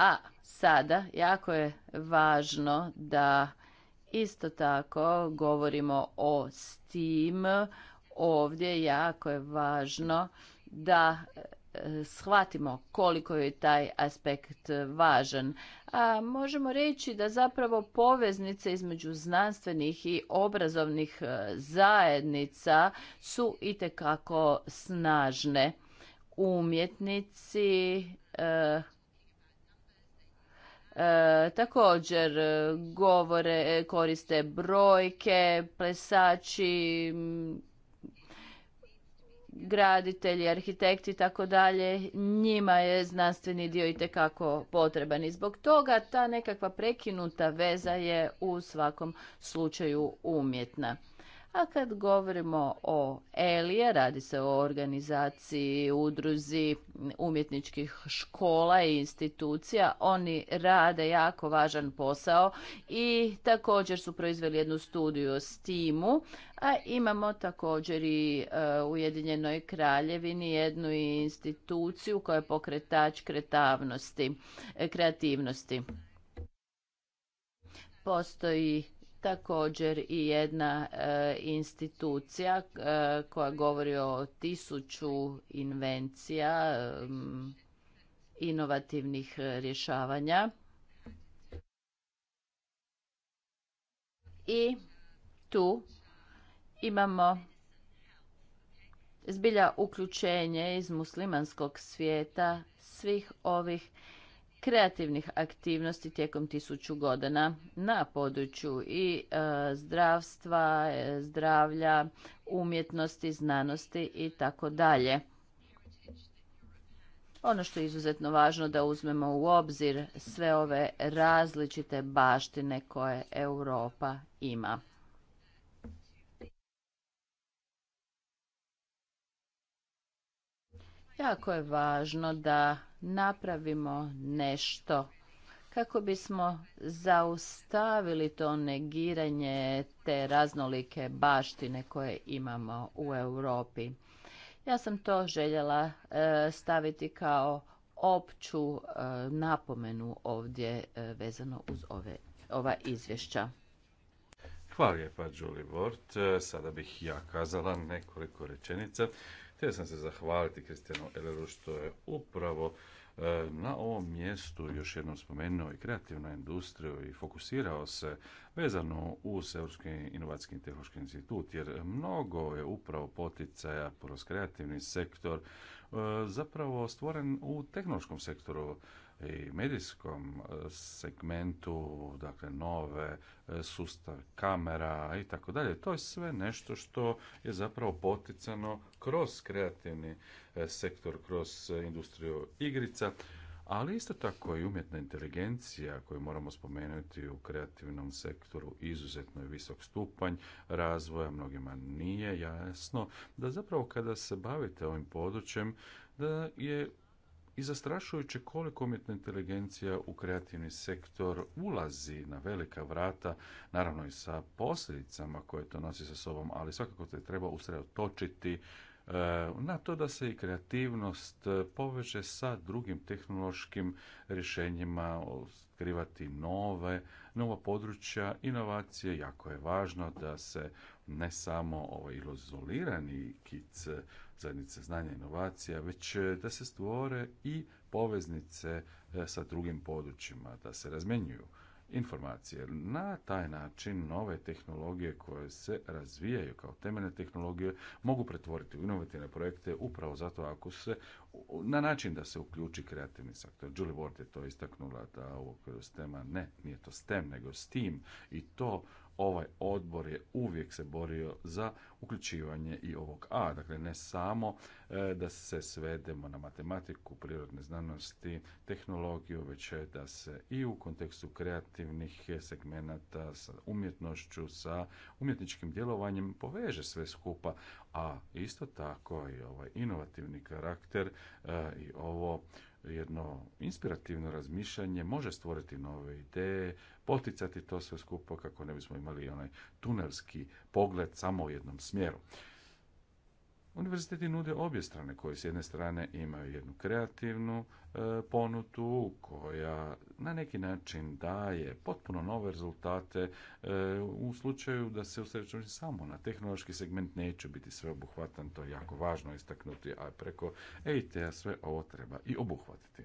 a sada jako je važno da isto tako govorimo o STEAM. Ovdje jako je važno da e, shvatimo koliko je taj aspekt važan. A možemo reći da zapravo poveznice između znanstvenih i obrazovnih e, zajednica su itekako snažne. Umjetnici, e, E, također e, govore, e, koriste brojke, plesači, graditelji, arhitekti i tako dalje, njima je znanstveni dio i tekako potreban. I zbog toga ta nekakva prekinuta veza je u svakom slučaju umjetna. A kad govorimo o Elije, radi se o organizaciji, udruzi umjetničkih škola i institucija, oni rade jako važan posao i također su proizveli jednu studiju o Timu. a imamo također i e, u Ujedinjenoj Kraljevini jednu instituciju koja je pokretač e, kreativnosti. Postoji također i jedna e, institucija e, koja govori o tisuću invencija inovativnih rješavanja i tu imamo zbilja uključenje iz muslimanskog svijeta svih ovih kreativnih aktivnosti tijekom tisuću godina na području i e, zdravstva, e, zdravlja, umjetnosti, znanosti i tako dalje. Ono što je izuzetno važno da uzmemo u obzir sve ove različite baštine koje Europa ima. Jako je važno da napravimo nešto kako bismo zaustavili to negiranje te raznolike baštine koje imamo u Europi. Ja sam to željela e, staviti kao opću e, napomenu ovdje e, vezano uz ove, ova izvješća. Hvala lijepa, Julie Sada bih ja kazala nekoliko rečenica Htio sam se zahvaliti Kristijanu Eleru što je upravo e, na ovom mjestu još jednom spomenuo i kreativnu industriju i fokusirao se vezano uz Europski inovacijski i tehnološki institut, jer mnogo je upravo poticaja kroz kreativni sektor e, zapravo stvoren u tehnološkom sektoru i medijskom e, segmentu, dakle nove e, sustav kamera i tako dalje. To je sve nešto što je zapravo poticano kroz kreativni e, sektor, kroz industriju igrica, ali isto tako i umjetna inteligencija koju moramo spomenuti u kreativnom sektoru izuzetno je visok stupanj razvoja, mnogima nije jasno da zapravo kada se bavite ovim područjem da je i zastrašujuće koliko umjetna inteligencija u kreativni sektor ulazi na velika vrata, naravno i sa posljedicama koje to nosi sa sobom, ali svakako se treba usredotočiti e, na to da se i kreativnost e, poveže sa drugim tehnološkim rješenjima, skrivati nove, nova područja, inovacije. Jako je važno da se ne samo ovaj izolirani kit zajednice znanja i inovacija, već e, da se stvore i poveznice e, sa drugim područjima, da se razmenjuju informacije. Na taj način nove tehnologije koje se razvijaju kao temeljne tehnologije mogu pretvoriti u inovativne projekte upravo zato ako se na način da se uključi kreativni sektor. Julie Ward je to istaknula da ovo kroz tema ne, nije to STEM nego STEAM i to ovaj odbor je uvijek se borio za uključivanje i ovog A. Dakle, ne samo e, da se svedemo na matematiku, prirodne znanosti, tehnologiju, već je da se i u kontekstu kreativnih segmenata sa umjetnošću, sa umjetničkim djelovanjem poveže sve skupa, a isto tako i ovaj inovativni karakter e, i ovo jedno inspirativno razmišljanje može stvoriti nove ideje, poticati to sve skupo kako ne bismo imali onaj tunelski pogled samo u jednom smjeru. Univerziteti nude obje strane koje s jedne strane imaju jednu kreativnu e, ponudu koja na neki način daje potpuno nove rezultate e, u slučaju da se usrećuje samo na tehnološki segment neće biti sveobuhvatan, to je jako važno istaknuti, a preko EIT-a sve ovo treba i obuhvatiti.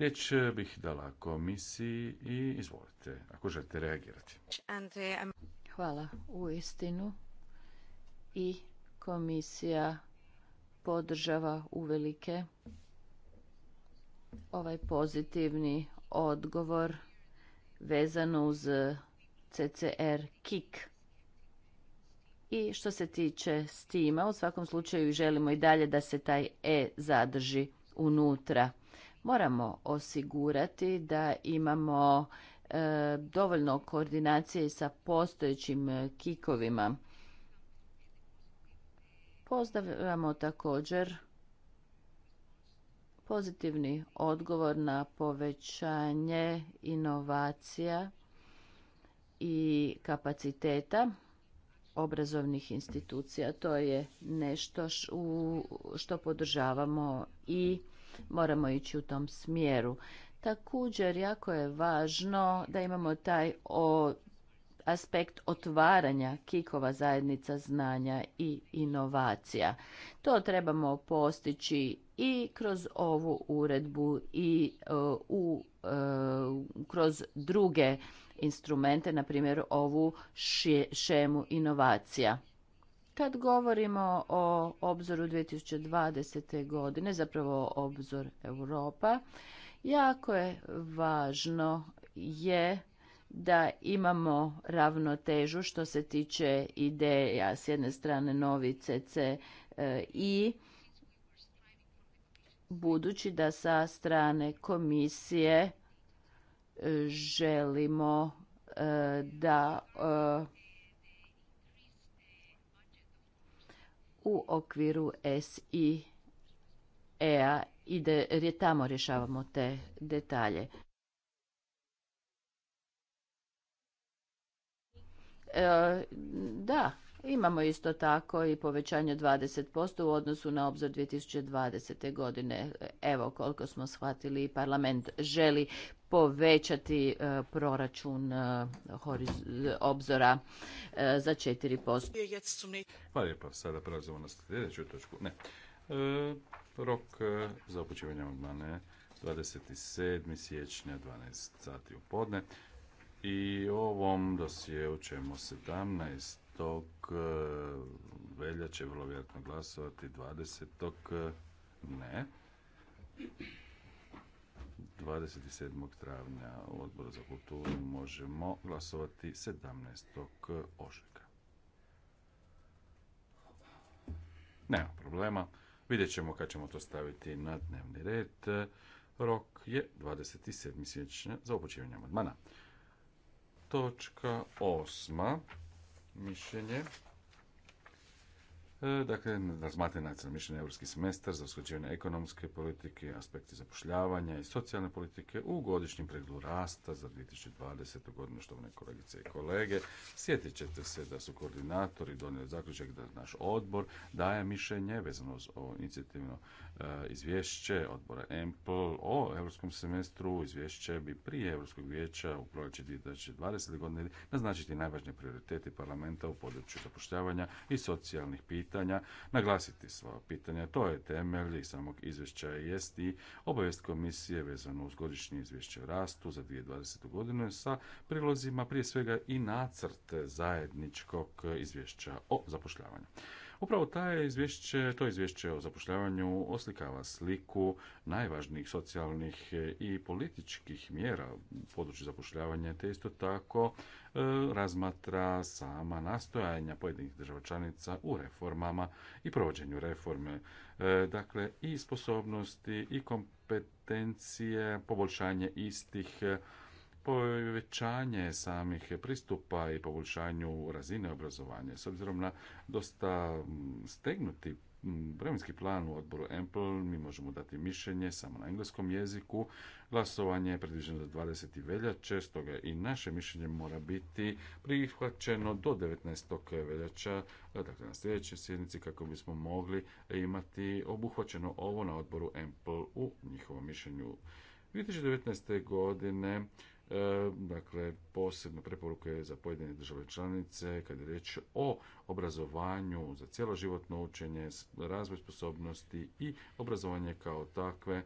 Riječ bih dala komisiji i izvolite, ako želite reagirati. Hvala u istinu. I komisija podržava uvelike ovaj pozitivni odgovor vezano uz CCR KIK. I što se tiče Stima, u svakom slučaju želimo i dalje da se taj E zadrži unutra. Moramo osigurati da imamo e, dovoljno koordinacije sa postojećim e, kikovima. Pozdravljamo također pozitivni odgovor na povećanje inovacija i kapaciteta obrazovnih institucija. To je nešto što podržavamo i moramo ići u tom smjeru. Također, jako je važno da imamo taj o, aspekt otvaranja kikova zajednica znanja i inovacija. To trebamo postići i kroz ovu uredbu i e, u, e, kroz druge instrumente, na primjer ovu šemu inovacija. Kad govorimo o obzoru 2020. godine, zapravo obzor Europa, jako je važno je da imamo ravnotežu što se tiče ideja s jedne strane novi CC i budući da sa strane komisije e, želimo e, da e, u okviru SI EA i tamo rješavamo te detalje. E, da, imamo isto tako i povećanje 20% u odnosu na obzor 2020. godine. Evo koliko smo shvatili, parlament želi povećati e, proračun e, obzora e, za 4%. Hvala lijepa. Sada prelazimo na sljedeću točku. Ne. rok za upućivanje amandmane 27. siječnja 12 sati u podne. I ovom dosijeu ćemo 17. veljače vrlo vjerojatno glasovati 20. ne. 27. travnja u odboru za kulturu možemo glasovati 17. ožujka. Nema problema. Vidjet ćemo kad ćemo to staviti na dnevni red. Rok je 27. siječnja za upućivanje odmana. Točka osma. Mišljenje E, dakle, razmatri na mišljenje europski semestar za usklađivanje ekonomske politike, aspekti zapošljavanja i socijalne politike u godišnjem pregledu rasta za 2020. godinu, što kolegice i kolege. Sjetit ćete se da su koordinatori donijeli zaključak da naš odbor daje mišljenje vezano uz ovo inicijativno e, izvješće odbora EMPL o europskom semestru. Izvješće bi prije Europskog vijeća u proljeće 2020. godine naznačiti najvažnije prioritete parlamenta u području zapošljavanja i socijalnih pitanja pitanja, naglasiti sva pitanja. To je temelj i samog izvješća jest i obavijest komisije vezano uz godišnje izvješće o rastu za 2020. godinu sa prilozima prije svega i nacrt zajedničkog izvješća o zapošljavanju. Upravo taj izvješće, to izvješće o zapošljavanju oslikava sliku najvažnijih socijalnih i političkih mjera u području zapošljavanja, te isto tako E, razmatra sama nastojanja pojedinih država članica u reformama i provođenju reforme. E, dakle, i sposobnosti i kompetencije, poboljšanje istih, povećanje samih pristupa i poboljšanju razine obrazovanja. S obzirom na dosta stegnuti Mm, vremenski plan u odboru EMPL, mi možemo dati mišljenje samo na engleskom jeziku. Glasovanje je predviđeno za 20. veljače, stoga i naše mišljenje mora biti prihvaćeno do 19. veljača, dakle na sljedećoj sjednici kako bismo mogli imati obuhvaćeno ovo na odboru EMPL u njihovom mišljenju. 2019. godine E, dakle posebne preporuke za pojedine države članice kad je riječ o obrazovanju za cjeloživotno učenje, razvoj sposobnosti i obrazovanje kao takve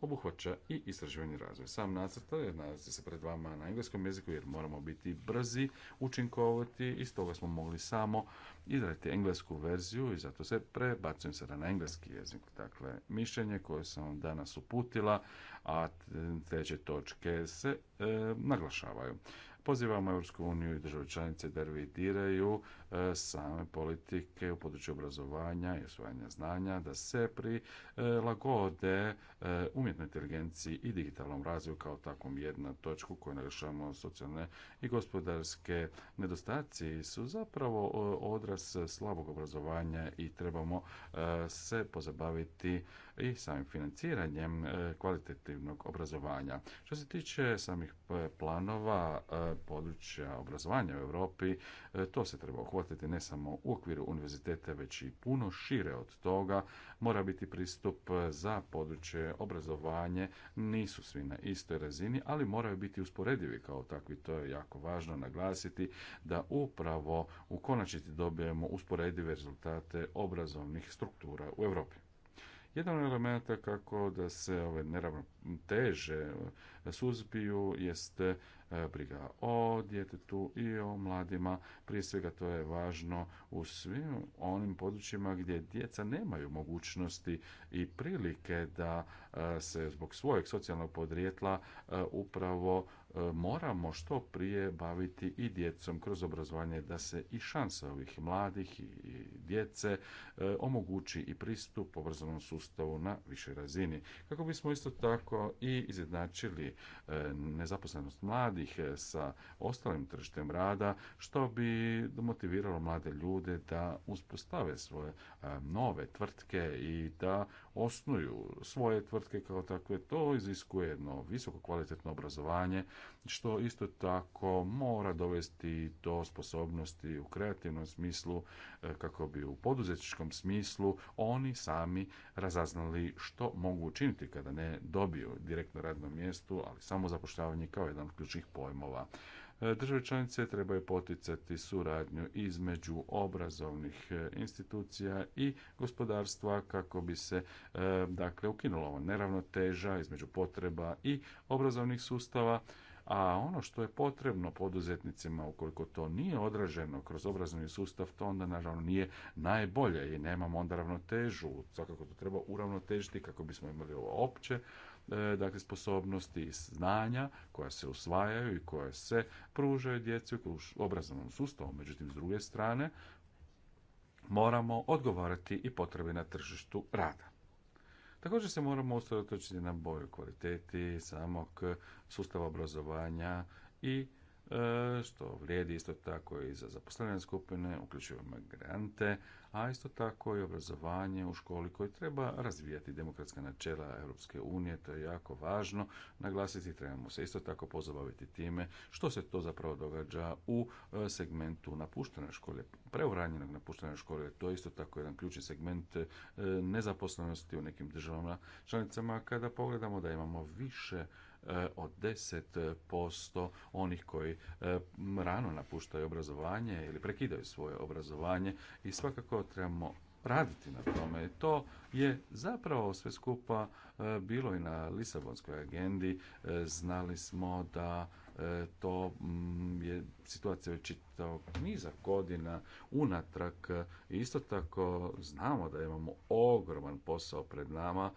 obuhvaća i istraživanje razvoja. Sam nacrt nalazi se pred vama na engleskom jeziku jer moramo biti brzi, učinkovati i stoga smo mogli samo izraditi englesku verziju i zato se prebacujem sada na engleski jezik. Dakle, mišljenje koje sam vam danas uputila, a treće točke se e, naglašavaju. Pozivamo Europsku uniju i države članice da revidiraju e, same politike u području obrazovanja i osvajanja znanja, da se prilagode e, umjetnoj inteligenciji i digitalnom razvoju kao takvom jedna točku koju naglašavamo socijalne i gospodarske nedostaci su zapravo e, odraz slabog obrazovanja i trebamo se pozabaviti i samim financiranjem e, kvalitativnog obrazovanja. Što se tiče samih e, planova e, područja obrazovanja u Europi, to se treba uhvatiti ne samo u okviru univerziteta, već i puno šire od toga. Mora biti pristup za područje obrazovanje, nisu svi na istoj razini, ali moraju biti usporedivi kao takvi. To je jako važno naglasiti da upravo u konačnici dobijemo usporedive rezultate obrazovnih struktura u Europi. Jedan od elementa kako da se ove teže suzbiju jeste briga o djetetu i o mladima. Prije svega to je važno u svim onim područjima gdje djeca nemaju mogućnosti i prilike da e, se zbog svojeg socijalnog podrijetla e, upravo moramo što prije baviti i djecom kroz obrazovanje da se i šansa ovih mladih i djece e, omogući i pristup obrazovnom sustavu na višoj razini. Kako bismo isto tako i izjednačili e, nezaposlenost mladih e, sa ostalim tržištem rada, što bi motiviralo mlade ljude da uspostave svoje nove tvrtke i da osnuju svoje tvrtke kao takve. To iziskuje jedno visoko kvalitetno obrazovanje, što isto tako mora dovesti do sposobnosti u kreativnom smislu e, kako bi u poduzetničkom smislu oni sami razaznali što mogu učiniti kada ne dobiju direktno radno mjesto, ali samo zapošljavanje kao jedan od ključnih pojmova. E, države članice trebaju poticati suradnju između obrazovnih e, institucija i gospodarstva kako bi se dakle ukinula ova neravnoteža između potreba i obrazovnih sustava a ono što je potrebno poduzetnicima, ukoliko to nije odraženo kroz obrazovni sustav, to onda naravno nije najbolje i nemamo onda ravnotežu. Svakako to treba uravnotežiti kako bismo imali ovo opće e, dakle sposobnosti i znanja koja se usvajaju i koja se pružaju djeci u obrazovnom sustavu. Međutim, s druge strane, moramo odgovarati i potrebe na tržištu rada. Također se moramo usredotočiti na boju kvaliteti samog sustava obrazovanja i E, što vrijedi isto tako i za zaposlene skupine, uključivo migrante, a isto tako i obrazovanje u školi koji treba razvijati demokratska načela Europske unije, to je jako važno naglasiti, trebamo se isto tako pozabaviti time što se to zapravo događa u e, segmentu napuštene škole, preuranjenog napuštene škole, to je isto tako jedan ključni segment e, nezaposlenosti u nekim državama članicama kada pogledamo da imamo više Eh, od 10% eh, onih koji eh, rano napuštaju obrazovanje ili prekidaju svoje obrazovanje i svakako trebamo raditi na tome. To je zapravo sve skupa bilo i na Lisabonskoj agendi. Znali smo da to mm, je situacija već čitavog niza godina unatrag. Isto tako znamo da imamo ogroman posao pred nama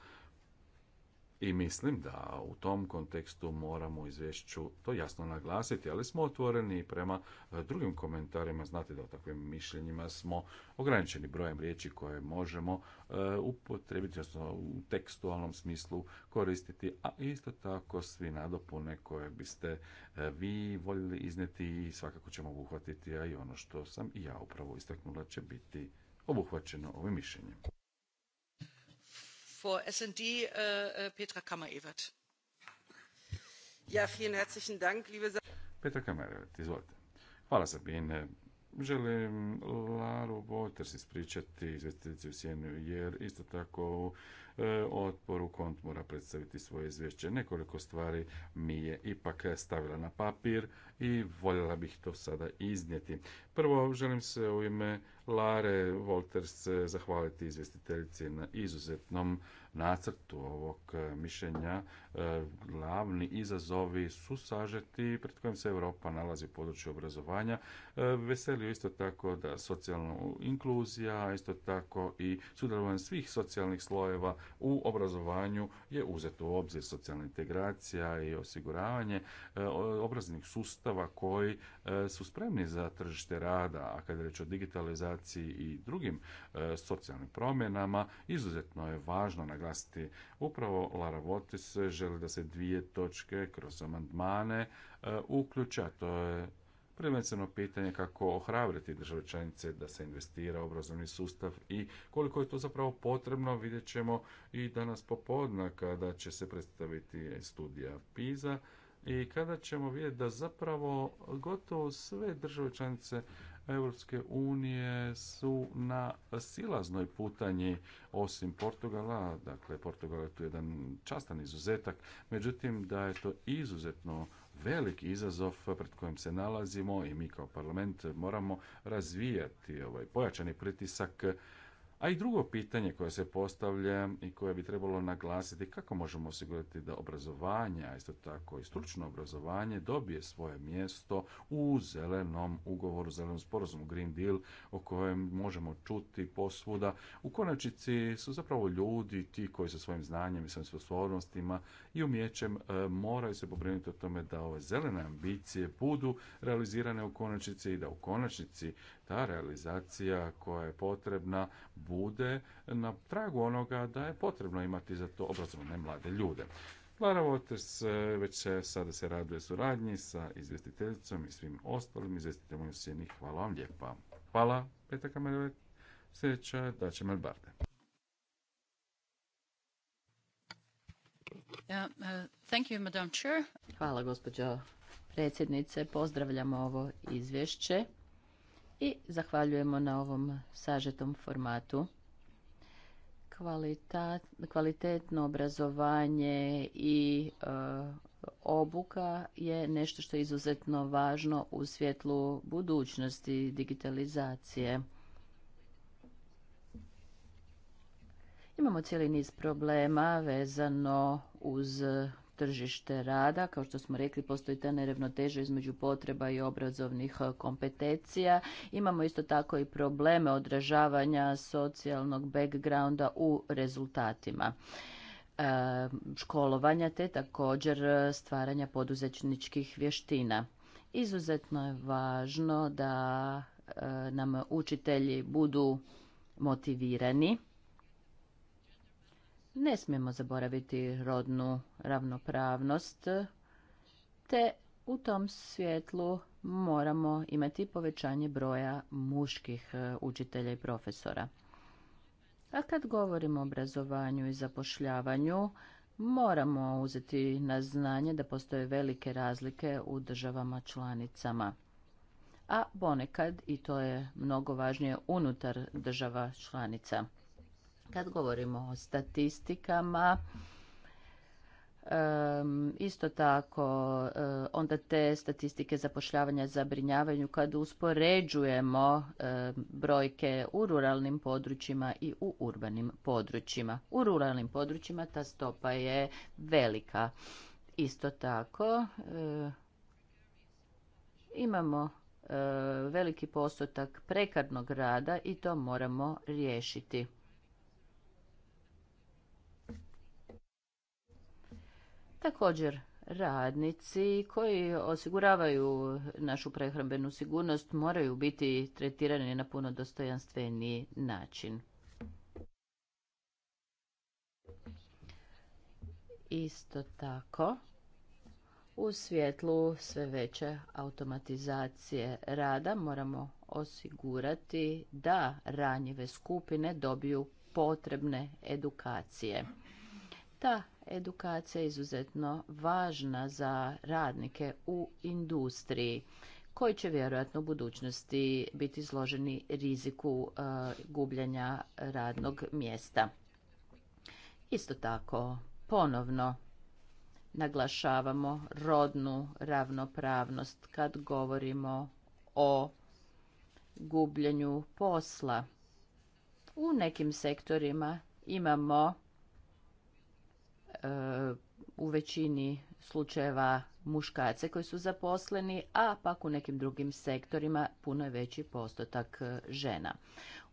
i mislim da u tom kontekstu moramo u izvješću to jasno naglasiti, ali smo otvoreni prema e, drugim komentarima. Znate da o takvim mišljenjima smo ograničeni brojem riječi koje možemo e, upotrebiti, odnosno u tekstualnom smislu koristiti, a isto tako svi nadopune koje biste e, vi voljeli iznijeti i svakako ćemo obuhvatiti, a i ono što sam i ja upravo istaknula će biti obuhvaćeno ovim mišljenjem. S&D, äh, äh, Petra kammer izvolite. Hvala Sabine. Želim Laru Wolters ispričati u sjenu, jer isto tako u e, otporu kont mora predstaviti svoje izvješće. Nekoliko stvari mi je ipak stavila na papir i voljela bih to sada iznijeti. Prvo želim se u ime Lare Wolters zahvaliti izvjestiteljici na izuzetnom nacrtu ovog e, mišljenja. E, glavni izazovi su sažeti pred kojim se Europa nalazi u području obrazovanja. E, veselio isto tako da socijalna inkluzija, isto tako i sudjelovanje svih socijalnih slojeva u obrazovanju je uzeto u obzir socijalna integracija i osiguravanje obraznih sustava sustava koji e, su spremni za tržište rada, a kad je reč o digitalizaciji i drugim e, socijalnim promjenama, izuzetno je važno naglasiti upravo Lara Votis želi da se dvije točke kroz amandmane e, uključe, a to je prvenstveno pitanje kako ohrabriti države članice da se investira u obrazovni sustav i koliko je to zapravo potrebno vidjet ćemo i danas popodne kada će se predstaviti studija PISA i kada ćemo vidjeti da zapravo gotovo sve države članice Europske unije su na silaznoj putanji osim Portugala, dakle Portugal je tu jedan častan izuzetak, međutim da je to izuzetno veliki izazov pred kojim se nalazimo i mi kao parlament moramo razvijati ovaj pojačani pritisak a i drugo pitanje koje se postavlja i koje bi trebalo naglasiti kako možemo osigurati da obrazovanje, a isto tako i stručno obrazovanje dobije svoje mjesto u zelenom ugovoru, zelenom sporazumu Green Deal o kojem možemo čuti posvuda. U konačnici su zapravo ljudi ti koji sa svojim znanjem i svojim sposobnostima i umjećem e, moraju se pobrinuti o tome da ove zelene ambicije budu realizirane u konačnici i da u konačnici ta realizacija koja je potrebna bude na tragu onoga da je potrebno imati za to obrazovane mlade ljude. Lara Waters e, već se, sada se raduje suradnji sa izvjestiteljicom i svim ostalim izvjestiteljima u sjeni. Hvala vam lijepa. Hvala, Petra Kamerović. Sljedeća je Dače Melbarde. E, Hvala gospođo predsjednice. Pozdravljamo ovo izvješće i zahvaljujemo na ovom sažetom formatu. kvalitetno obrazovanje i e, obuka je nešto što je izuzetno važno u svjetlu budućnosti digitalizacije. Imamo cijeli niz problema vezano uz tržište rada. Kao što smo rekli, postoji ta neravnoteža između potreba i obrazovnih e, kompetencija. Imamo isto tako i probleme odražavanja socijalnog backgrounda u rezultatima e, školovanja te također e, stvaranja poduzećničkih vještina. Izuzetno je važno da nam učitelji budu motivirani ne smijemo zaboraviti rodnu ravnopravnost, te u tom svjetlu moramo imati povećanje broja muških e, učitelja i profesora. A kad govorimo o obrazovanju i zapošljavanju, moramo uzeti na znanje da postoje velike razlike u državama članicama. A ponekad, i to je mnogo važnije, unutar država članica. Kad govorimo o statistikama, isto tako eh, onda te statistike zapošljavanja zabrinjavanju, kad uspoređujemo brojke u ruralnim područjima i u urbanim područjima. U ruralnim područjima ta stopa je velika. Isto tako eh, imamo eh, veliki postotak prekarnog rada i to moramo riješiti. Također, radnici koji osiguravaju našu prehrambenu sigurnost moraju biti tretirani na puno dostojanstveniji način. Isto tako, u svjetlu sve veće automatizacije rada moramo osigurati da ranjive skupine dobiju potrebne edukacije. Ta Edukacija je izuzetno važna za radnike u industriji koji će vjerojatno u budućnosti biti izloženi riziku e, gubljenja radnog mjesta. Isto tako, ponovno naglašavamo rodnu ravnopravnost kad govorimo o gubljenju posla. U nekim sektorima imamo u većini slučajeva muškarce koji su zaposleni, a pak u nekim drugim sektorima puno je veći postotak e, žena.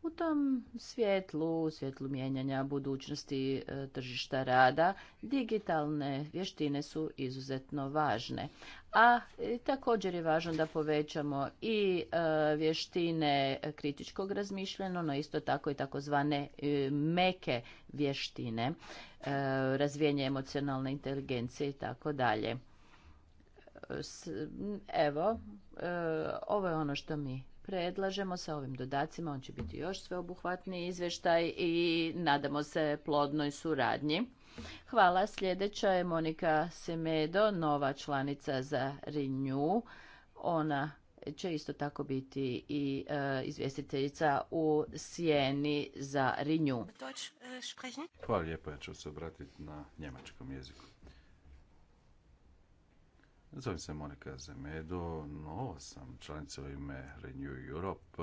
U tom svjetlu, svjetlu mijenjanja budućnosti e, tržišta rada, digitalne vještine su izuzetno važne. A e, također je važno da povećamo i e, vještine kritičkog razmišljena, no isto tako i takozvane meke vještine, razvijenje emocionalne inteligencije i tako dalje. Evo, ovo je ono što mi predlažemo sa ovim dodacima. On će biti još sveobuhvatniji izvještaj i nadamo se plodnoj suradnji. Hvala. Sljedeća je Monika Semedo, nova članica za Renew. Ona će isto tako biti i e, izvjestiteljica u Sjeni za Renew. E, Hvala lijepo, ja ću se obratiti na njemačkom jeziku. Zovem se Monika Zemedo, nova sam članica u ime Renew Europe.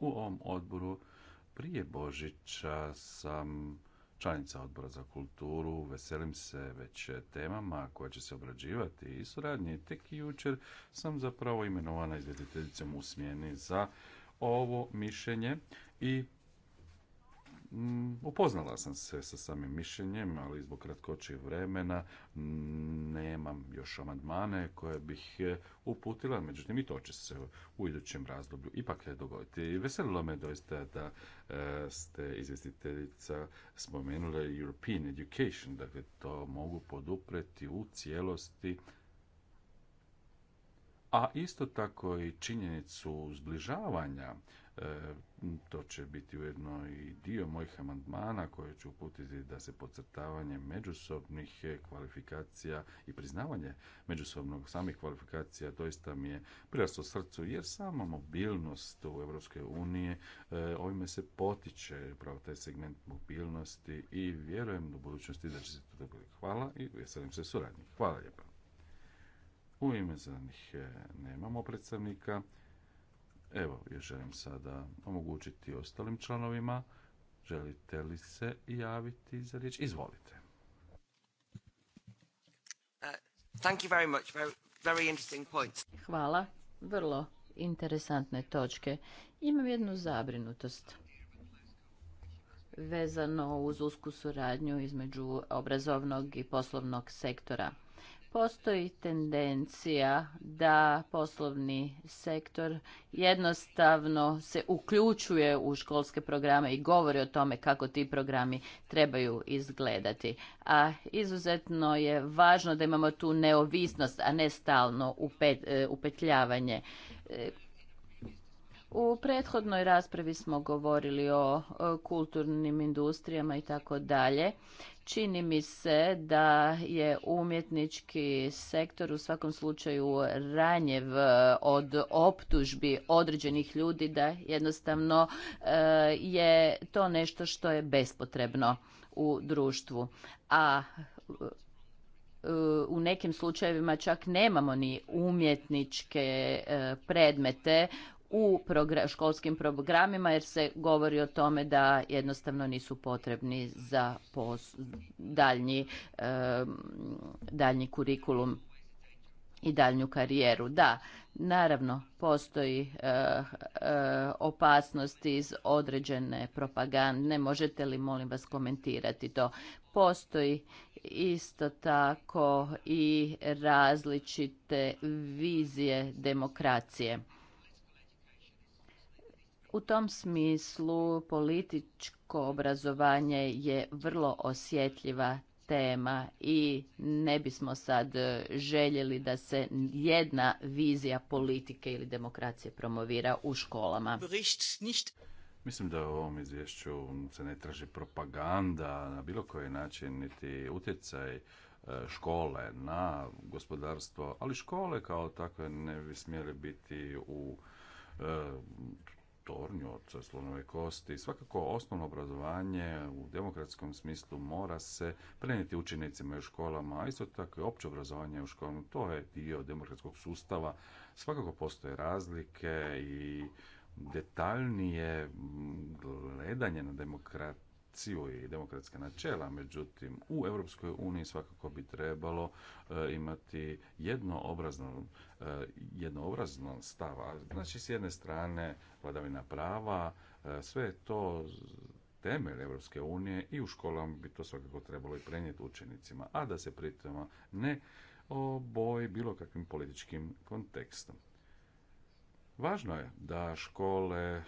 U ovom odboru prije Božića sam članica odbora za kulturu. Veselim se već temama koje će se obrađivati i suradnje. Tek jučer sam zapravo imenovana izvjetiteljicom u smjeni za ovo mišljenje i Mm, upoznala sam se sa samim mišljenjem, ali zbog kratkoće vremena nemam još amandmane koje bih e, uputila, međutim i to će se u idućem razdoblju ipak dogoditi. veselilo me doista da e, ste izvjestiteljica spomenula European Education, dakle to mogu podupreti u cijelosti a isto tako i činjenicu zbližavanja E, to će biti ujedno i dio mojih amandmana koje ću uputiti da se podcrtavanje međusobnih kvalifikacija i priznavanje međusobnog samih kvalifikacija doista mi je prirasto srcu jer sama mobilnost u Europskoj uniji e, ovime se potiče upravo taj segment mobilnosti i vjerujem u budućnosti da će se to dobiti. Hvala i veselim se suradnji. Hvala lijepa. U ime zelenih e, nemamo predstavnika. Evo, ja želim sada omogućiti ostalim članovima. Želite li se javiti za riječ? Izvolite. Uh, Hvala. Vrlo interesantne točke. Imam jednu zabrinutost vezano uz usku suradnju između obrazovnog i poslovnog sektora. Postoji tendencija da poslovni sektor jednostavno se uključuje u školske programe i govori o tome kako ti programi trebaju izgledati. A izuzetno je važno da imamo tu neovisnost, a ne stalno e, upetljavanje. E, u prethodnoj raspravi smo govorili o kulturnim industrijama i tako dalje Čini mi se da je umjetnički sektor u svakom slučaju ranjev eh, od optužbi određenih ljudi da jednostavno eh, je to nešto što je bespotrebno u društvu. A eh, u nekim slučajevima čak nemamo ni umjetničke predmete u školskim programima jer se govori o tome da jednostavno nisu potrebni za daljnji, kurikulum i daljnju karijeru. Da, naravno postoji e, opasnost iz određene propagande. Možete li molim vas komentirati to? Postoji isto tako i različite vizije demokracije. U tom smislu političko obrazovanje je vrlo osjetljiva tema i ne bismo sad željeli da se jedna vizija politike ili demokracije promovira u školama. Mislim da u ovom izvješću se ne traži propaganda na bilo koji način, niti utjecaj e, škole na gospodarstvo, ali škole kao takve ne bi smjeli biti u e, tornju od slonove kosti. Svakako osnovno obrazovanje u demokratskom smislu mora se prenijeti učenicima i u školama, a isto tako i opće obrazovanje u školama. To je dio demokratskog sustava. Svakako postoje razlike i detaljnije gledanje na demokrat demokraciju i demokratska načela, međutim u Europskoj uniji svakako bi trebalo e, imati jednoobrazno, e, jednoobrazno stava. Znači s jedne strane vladavina prava, e, sve je to temelj Europske unije i u školama bi to svakako trebalo i prenijeti učenicima, a da se pritom ne oboji bilo kakvim političkim kontekstom. Važno je da škole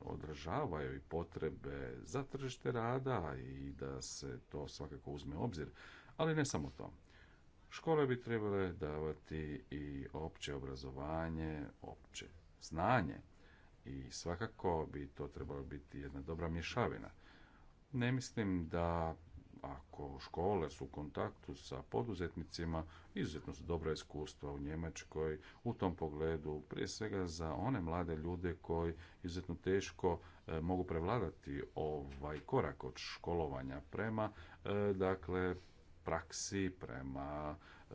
održavaju i potrebe za tržište rada i da se to svakako uzme u obzir, ali ne samo to. Škole bi trebale davati i opće obrazovanje, opće znanje i svakako bi to trebalo biti jedna dobra mješavina. Ne mislim da ako škole su u kontaktu sa poduzetnicima, izuzetno su dobra iskustva u Njemačkoj u tom pogledu, prije svega za one mlade ljude koji izuzetno teško e, mogu prevladati ovaj korak od školovanja prema e, dakle praksi, prema E,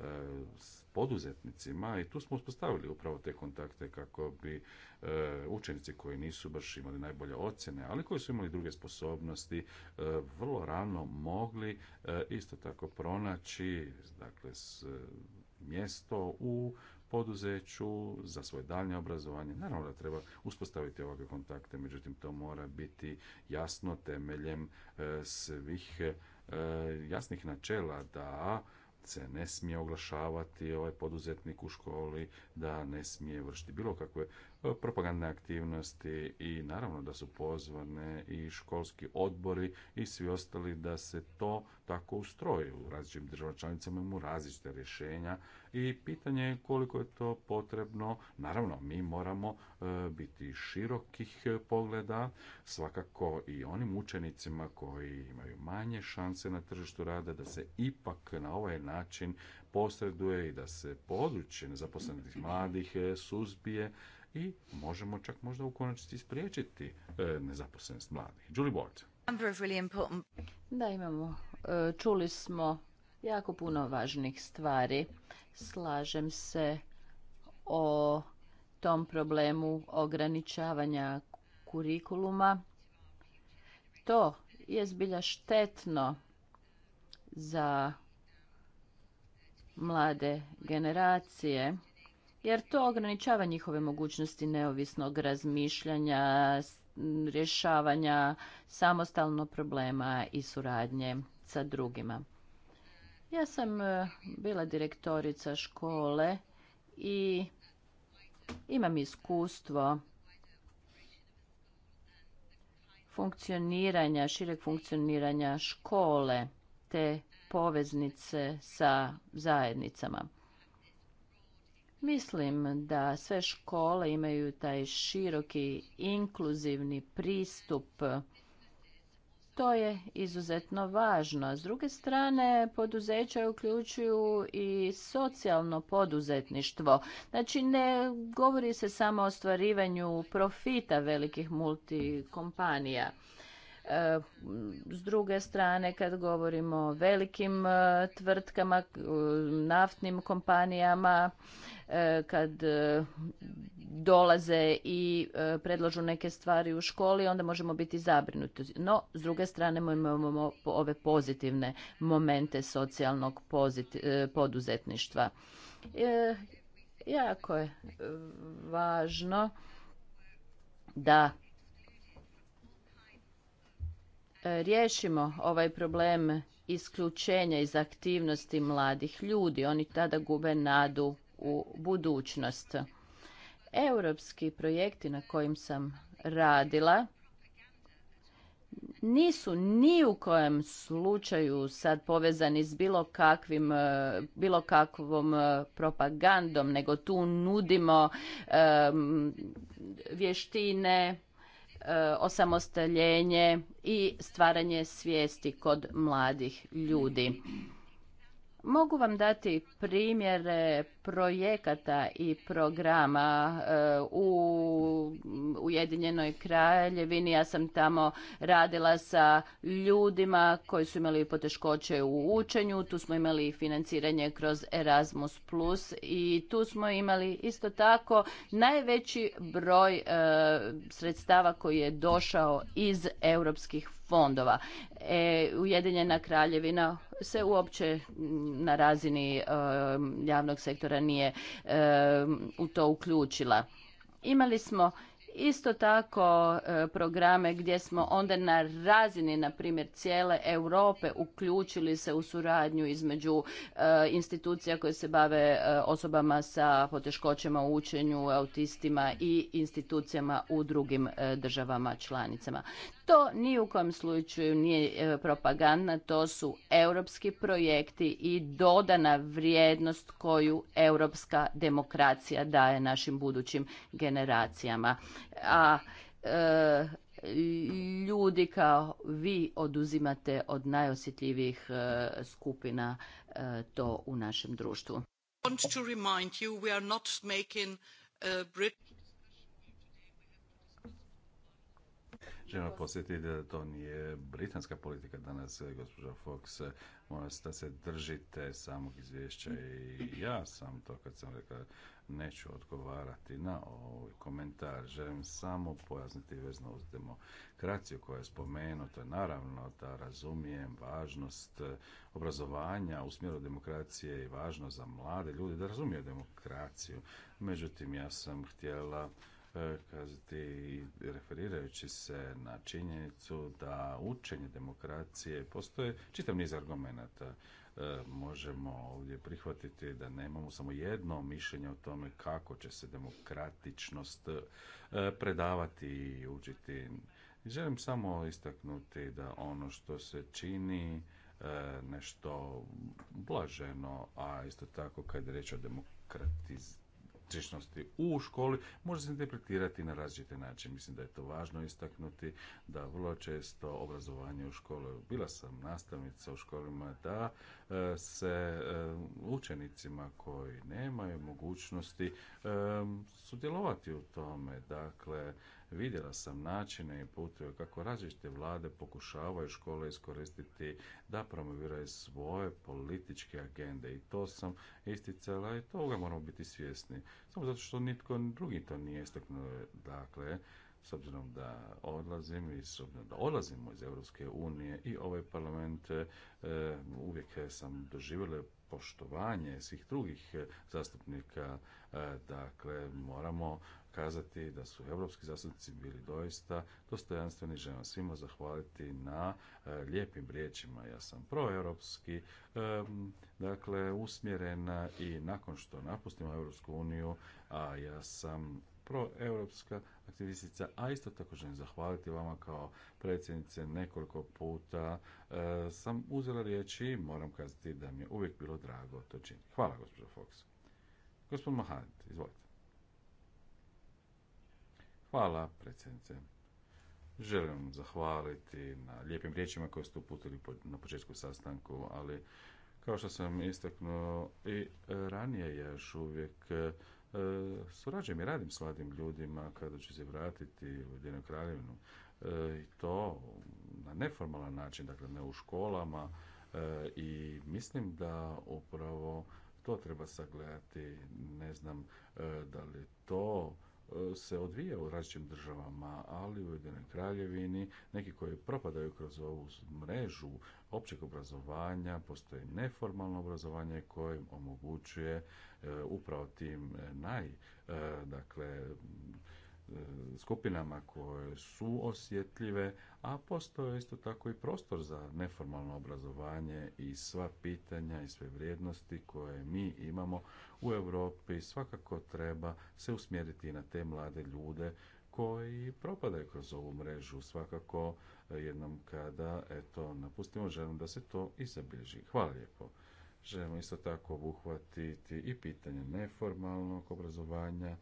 s poduzetnicima i tu smo uspostavili upravo te kontakte kako bi e, učenici koji nisu baš imali najbolje ocjene, ali koji su imali druge sposobnosti, e, vrlo rano mogli isto tako pronaći dakle, mjesto u poduzeću, za svoje daljnje obrazovanje. Naravno da treba uspostaviti ovakve kontakte, međutim to mora biti jasno temeljem svih jasnih načela da se ne smije oglašavati ovaj poduzetnik u školi, da ne smije vršiti bilo kakve propagandne aktivnosti i naravno da su pozvane i školski odbori i svi ostali da se to tako ustroji u različitim državama članicama imamo različite rješenja i pitanje je koliko je to potrebno. Naravno, mi moramo e, biti širokih pogleda, svakako i onim učenicima koji imaju manje šanse na tržištu rada da se ipak na ovaj način posreduje i da se područje nezaposlenih mladih e, suzbije i možemo čak možda u konačnici spriječiti e, nezaposlenost mladih. Julie Ward. Da, imamo. E, čuli smo jako puno važnih stvari. Slažem se o tom problemu ograničavanja kurikuluma. To je zbilja štetno za mlade generacije jer to ograničava njihove mogućnosti neovisnog razmišljanja, rješavanja samostalno problema i suradnje sa drugima. Ja sam e, bila direktorica škole i imam iskustvo funkcioniranja, šireg funkcioniranja škole te poveznice sa zajednicama. Mislim da sve škole imaju taj široki inkluzivni pristup. To je izuzetno važno. S druge strane, poduzeća uključuju i socijalno poduzetništvo. Znači, ne govori se samo o ostvarivanju profita velikih multikompanija. E, s druge strane, kad govorimo o velikim e, tvrtkama, e, naftnim kompanijama, kad dolaze i predlažu neke stvari u školi, onda možemo biti zabrinuti. No, s druge strane imamo ove pozitivne momente socijalnog poduzetništva. Jako je važno da riješimo ovaj problem isključenja iz aktivnosti mladih ljudi. Oni tada gube nadu u budućnost. Europski projekti na kojim sam radila nisu ni u kojem slučaju sad povezani s bilo, kakvim, e, bilo kakvom e, propagandom, nego tu nudimo vještine, E, osamostaljenje i stvaranje svijesti kod mladih ljudi. Mogu vam dati primjere projekata i programa e, u Ujedinjenoj kraljevini. Ja sam tamo radila sa ljudima koji su imali poteškoće u učenju. Tu smo imali financiranje kroz Erasmus+. I tu smo imali isto tako najveći broj e, sredstava koji je došao iz europskih fondova. E, Ujedinjena kraljevina se uopće na razini e, javnog sektora nije e, u to uključila. Imali smo isto tako programe gdje smo onda na razini na primjer cijele Europe uključili se u suradnju između institucija koje se bave osobama sa poteškoćama u učenju, autistima i institucijama u drugim državama članicama. To ni u kom slučaju nije e, propaganda, to su europski projekti i dodana vrijednost koju europska demokracija daje našim budućim generacijama. A e, ljudi kao vi oduzimate od najosjetljivijih e, skupina to u našem društvu. Želimo posjetiti da to nije britanska politika danas, eh, gospođa Fox, eh, molim da se držite samog izvješća i ja sam to kad sam rekao neću odgovarati na ovaj komentar. Želim samo pojasniti vezno uz demokraciju koja je spomenuta. Naravno da razumijem važnost eh, obrazovanja u smjeru demokracije i važnost za mlade ljude da razumiju demokraciju. Međutim, ja sam htjela Eh, kazati referirajući se na činjenicu da učenje demokracije postoje čitav niz argumenata eh, možemo ovdje prihvatiti da nemamo samo jedno mišljenje o tome kako će se demokratičnost eh, predavati i učiti. Želim samo istaknuti da ono što se čini nešto blaženo, a isto tako kad je riječ o demokratizaciji specifičnosti u školi može se interpretirati na različite načine. Mislim da je to važno istaknuti, da vrlo često obrazovanje u školi, bila sam nastavnica u školima, da e, se e, učenicima koji nemaju mogućnosti e, sudjelovati u tome, dakle, Vidjela sam načine i puteve kako različite vlade pokušavaju škole iskoristiti da promoviraju svoje političke agende i to sam isticala i toga moramo biti svjesni. Samo zato što nitko drugi to nije istaknuo. Dakle, s obzirom da odlazim i s obzirom da odlazimo iz Europske unije i ovaj parlament e, uvijek sam doživjela poštovanje svih drugih e, zastupnika, e, dakle moramo kazati da su europski zastupnici bili doista dostojanstveni. Želim svima zahvaliti na e, lijepim riječima. Ja sam proeuropski, e, dakle usmjerena i nakon što napustimo Europsku uniju, a ja sam proeuropska aktivistica, a isto tako želim zahvaliti vama kao predsjednice nekoliko puta. E, sam uzela riječ i moram kazati da mi je uvijek bilo drago to činiti. Hvala, gospođo Fox. Gospod Mahanit, izvolite. Hvala, predsjednice. Želim vam zahvaliti na lijepim riječima koje ste uputili na početku sastanku, ali kao što sam istaknuo i ranije ja još uvijek e, surađujem i radim s mladim ljudima kada ću se vratiti u Ujedinu kraljevinu. E, I to na neformalan način, dakle ne u školama e, i mislim da upravo to treba sagledati. Ne znam da li to se odvija u različitim državama, ali u Ujedinoj kraljevini neki koji propadaju kroz ovu mrežu općeg obrazovanja, postoji neformalno obrazovanje koje omogućuje e, upravo tim e, naj, e, dakle, skupinama koje su osjetljive, a postoje isto tako i prostor za neformalno obrazovanje i sva pitanja i sve vrijednosti koje mi imamo u Europi svakako treba se usmjeriti na te mlade ljude koji propadaju kroz ovu mrežu. Svakako jednom kada eto, napustimo želim da se to i zabilježi. Hvala lijepo. Želimo isto tako obuhvatiti i pitanje neformalnog obrazovanja,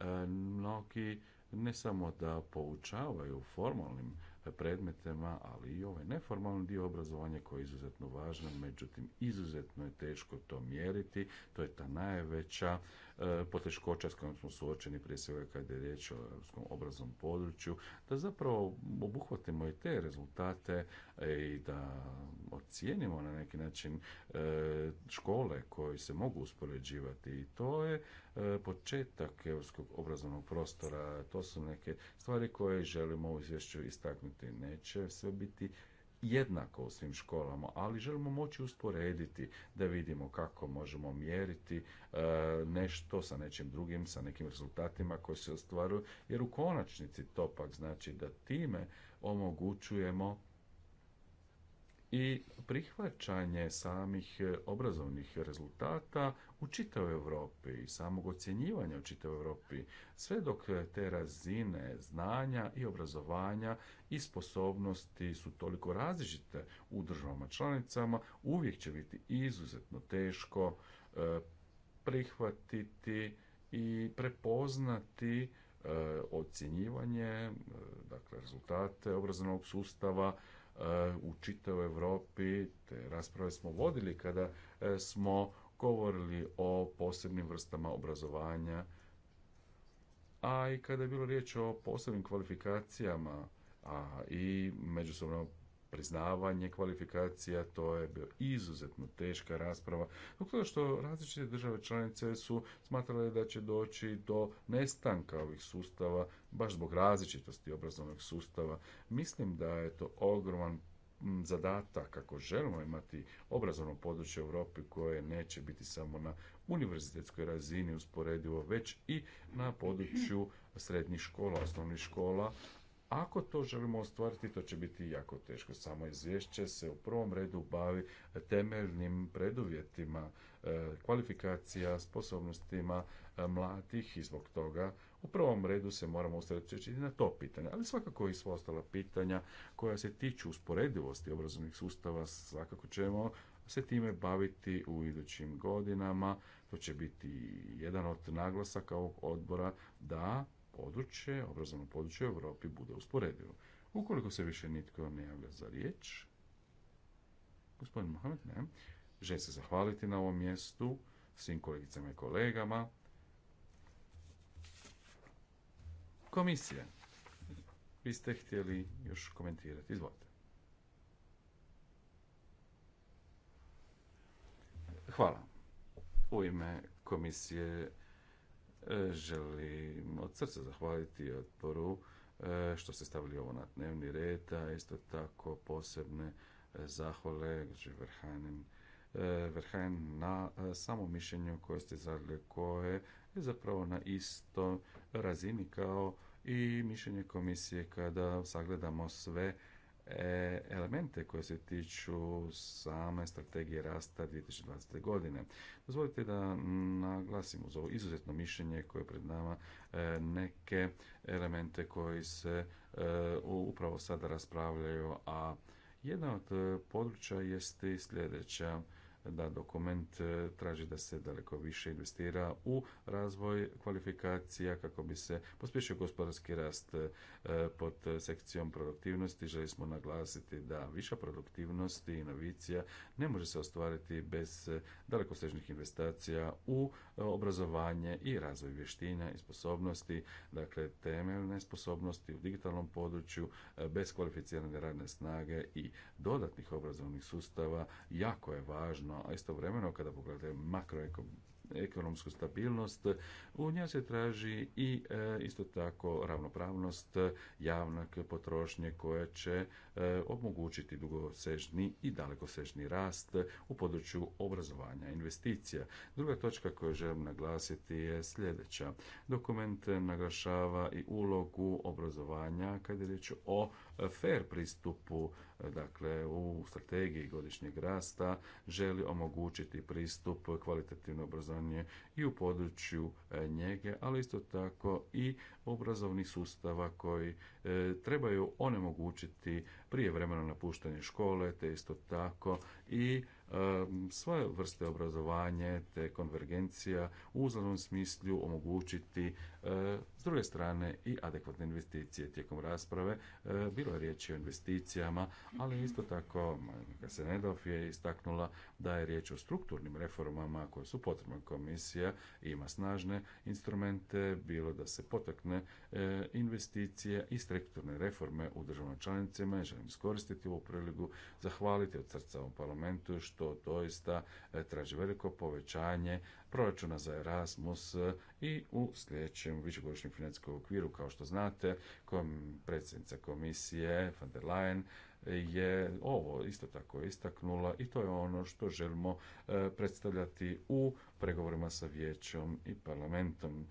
E, mnogi ne samo da poučavaju formalnim predmetima, ali i ovaj neformalni dio obrazovanja koji je izuzetno važan, međutim izuzetno je teško to mjeriti, to je ta najveća E, poteškoća s kojom smo suočeni prije svega kad je riječ o europskom obrazovnom području, da zapravo obuhvatimo i te rezultate e, i da ocijenimo na neki način e, škole koje se mogu uspoređivati i to je početak europskog obrazovnog prostora. To su neke stvari koje želimo u izvješću istaknuti. Neće sve biti jednako u svim školama, ali želimo moći usporediti da vidimo kako možemo mjeriti e, nešto sa nečim drugim, sa nekim rezultatima koji se ostvaruju, jer u konačnici to pak znači da time omogućujemo i prihvaćanje samih e, obrazovnih rezultata u čitavoj Europi i samog ocjenjivanja u čitavoj Europi, sve dok e, te razine znanja i obrazovanja i sposobnosti su toliko različite u državama članicama, uvijek će biti izuzetno teško e, prihvatiti i prepoznati ocjenjivanje, dakle rezultate obrazovnog sustava u čitavoj Europi. Te rasprave smo vodili kada e, smo govorili o posebnim vrstama obrazovanja, a i kada je bilo riječ o posebnim kvalifikacijama, a i međusobno priznavanje kvalifikacija, to je bio izuzetno teška rasprava, zbog toga što različite države članice su smatrale da će doći do nestanka ovih sustava, baš zbog različitosti obrazovnog sustava. Mislim da je to ogroman zadatak ako želimo imati obrazovno područje u Europi koje neće biti samo na univerzitetskoj razini usporedivo, već i na području srednjih škola, osnovnih škola, ako to želimo ostvariti, to će biti jako teško. Samo izvješće se u prvom redu bavi temeljnim preduvjetima, e, kvalifikacija, sposobnostima e, mladih i zbog toga u prvom redu se moramo ostaviti na to pitanje, ali svakako i sva ostala pitanja koja se tiču usporedivosti obrazovnih sustava svakako ćemo se time baviti u idućim godinama. To će biti jedan od naglasaka ovog odbora da područje, obrazovno područje u Europi bude usporedivo. Ukoliko se više nitko ne javlja za riječ, gospodin Mohamed, ne, želim se zahvaliti na ovom mjestu svim kolegicama i kolegama. Komisije, vi ste htjeli još komentirati, izvolite. Hvala. U ime komisije E, želim od srca zahvaliti odporu e, što ste stavili ovo na dnevni red, a isto tako posebne e, zahvale Verhanen na samo mišljenju koje ste izradili koje je zapravo na istom razini kao i mišljenje komisije kada sagledamo sve E, elemente koje se tiču same strategije rasta 2020. godine. Dozvolite da naglasim uz ovo izuzetno mišljenje koje je pred nama e, neke elemente koji se e, upravo sada raspravljaju, a jedna od područja jeste sljedeća da dokument e, traži da se daleko više investira u razvoj kvalifikacija kako bi se pospješio gospodarski rast e, pod sekcijom produktivnosti. Želi smo naglasiti da viša produktivnost i inovacija ne može se ostvariti bez e, dalekosežnih investacija u obrazovanje i razvoj vještina i sposobnosti, dakle temeljne sposobnosti u digitalnom području bez kvalificirane radne snage i dodatnih obrazovnih sustava jako je važno a vremeno kada pogledate makroekonomsku stabilnost, u njoj se traži i e, isto tako ravnopravnost javnog potrošnje koja će e, omogućiti dugosežni i dalekosežni rast u području obrazovanja investicija. Druga točka koju želim naglasiti je sljedeća. Dokument naglašava i ulogu obrazovanja kada je riječ o fair pristupu, dakle u strategiji godišnjeg rasta želi omogućiti pristup kvalitativno obrazovanje i u području e, njege, ali isto tako i obrazovnih sustava koji e, trebaju onemogućiti prijevremeno napuštanje škole, te isto tako i e, svoje vrste obrazovanje te konvergencija u uzlanom smislu omogućiti E, s druge strane i adekvatne investicije tijekom rasprave. E, bilo je riječi o investicijama, ali isto tako Senedov je istaknula da je riječ o strukturnim reformama koje su potrebne. Komisija ima snažne instrumente, bilo da se potakne e, investicije i strukturne reforme u državama članicama. Želim iskoristiti ovu priliku, zahvaliti od srca ovom parlamentu što doista traži veliko povećanje proračuna za Erasmus i u sljedećem višegodišnjem financijskom okviru, kao što znate, kom, predsjednica komisije van der Leyen je ovo isto tako istaknula i to je ono što želimo eh, predstavljati u pregovorima sa vijećom i parlamentom.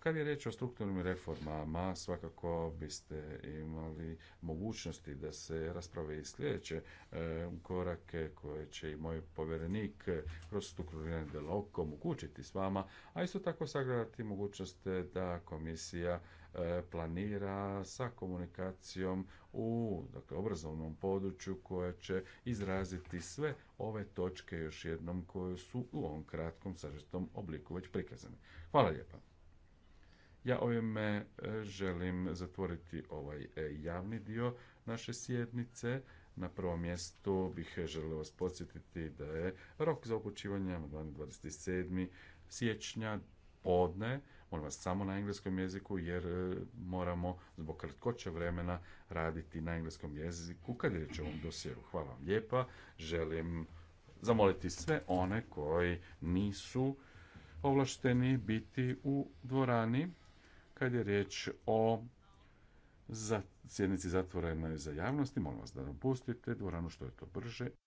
Kad je riječ o strukturnim reformama, svakako biste imali mogućnosti da se rasprave i sljedeće e, korake koje će i moj povjerenik kroz strukturni Delokom omogućiti s vama, a isto tako sagradati mogućnost da komisija e, planira sa komunikacijom u dakle, obrazovnom području koja će izraziti sve ove točke još jednom koje su u ovom kratkom sažetom obliku već prikazane. Hvala lijepa. Ja ovime e, želim zatvoriti ovaj e, javni dio naše sjednice. Na prvom mjestu bih e, želio vas podsjetiti da je rok za upućivanje 27. siječnja podne, molim vas samo na engleskom jeziku jer moramo zbog kratkoće vremena raditi na engleskom jeziku kad je riječ o ovom dosjeru. Hvala vam lijepa, želim zamoliti sve one koji nisu ovlašteni biti u dvorani kad je riječ o za sjednici zatvorenoj za javnosti. Molim vas da napustite dvoranu što je to brže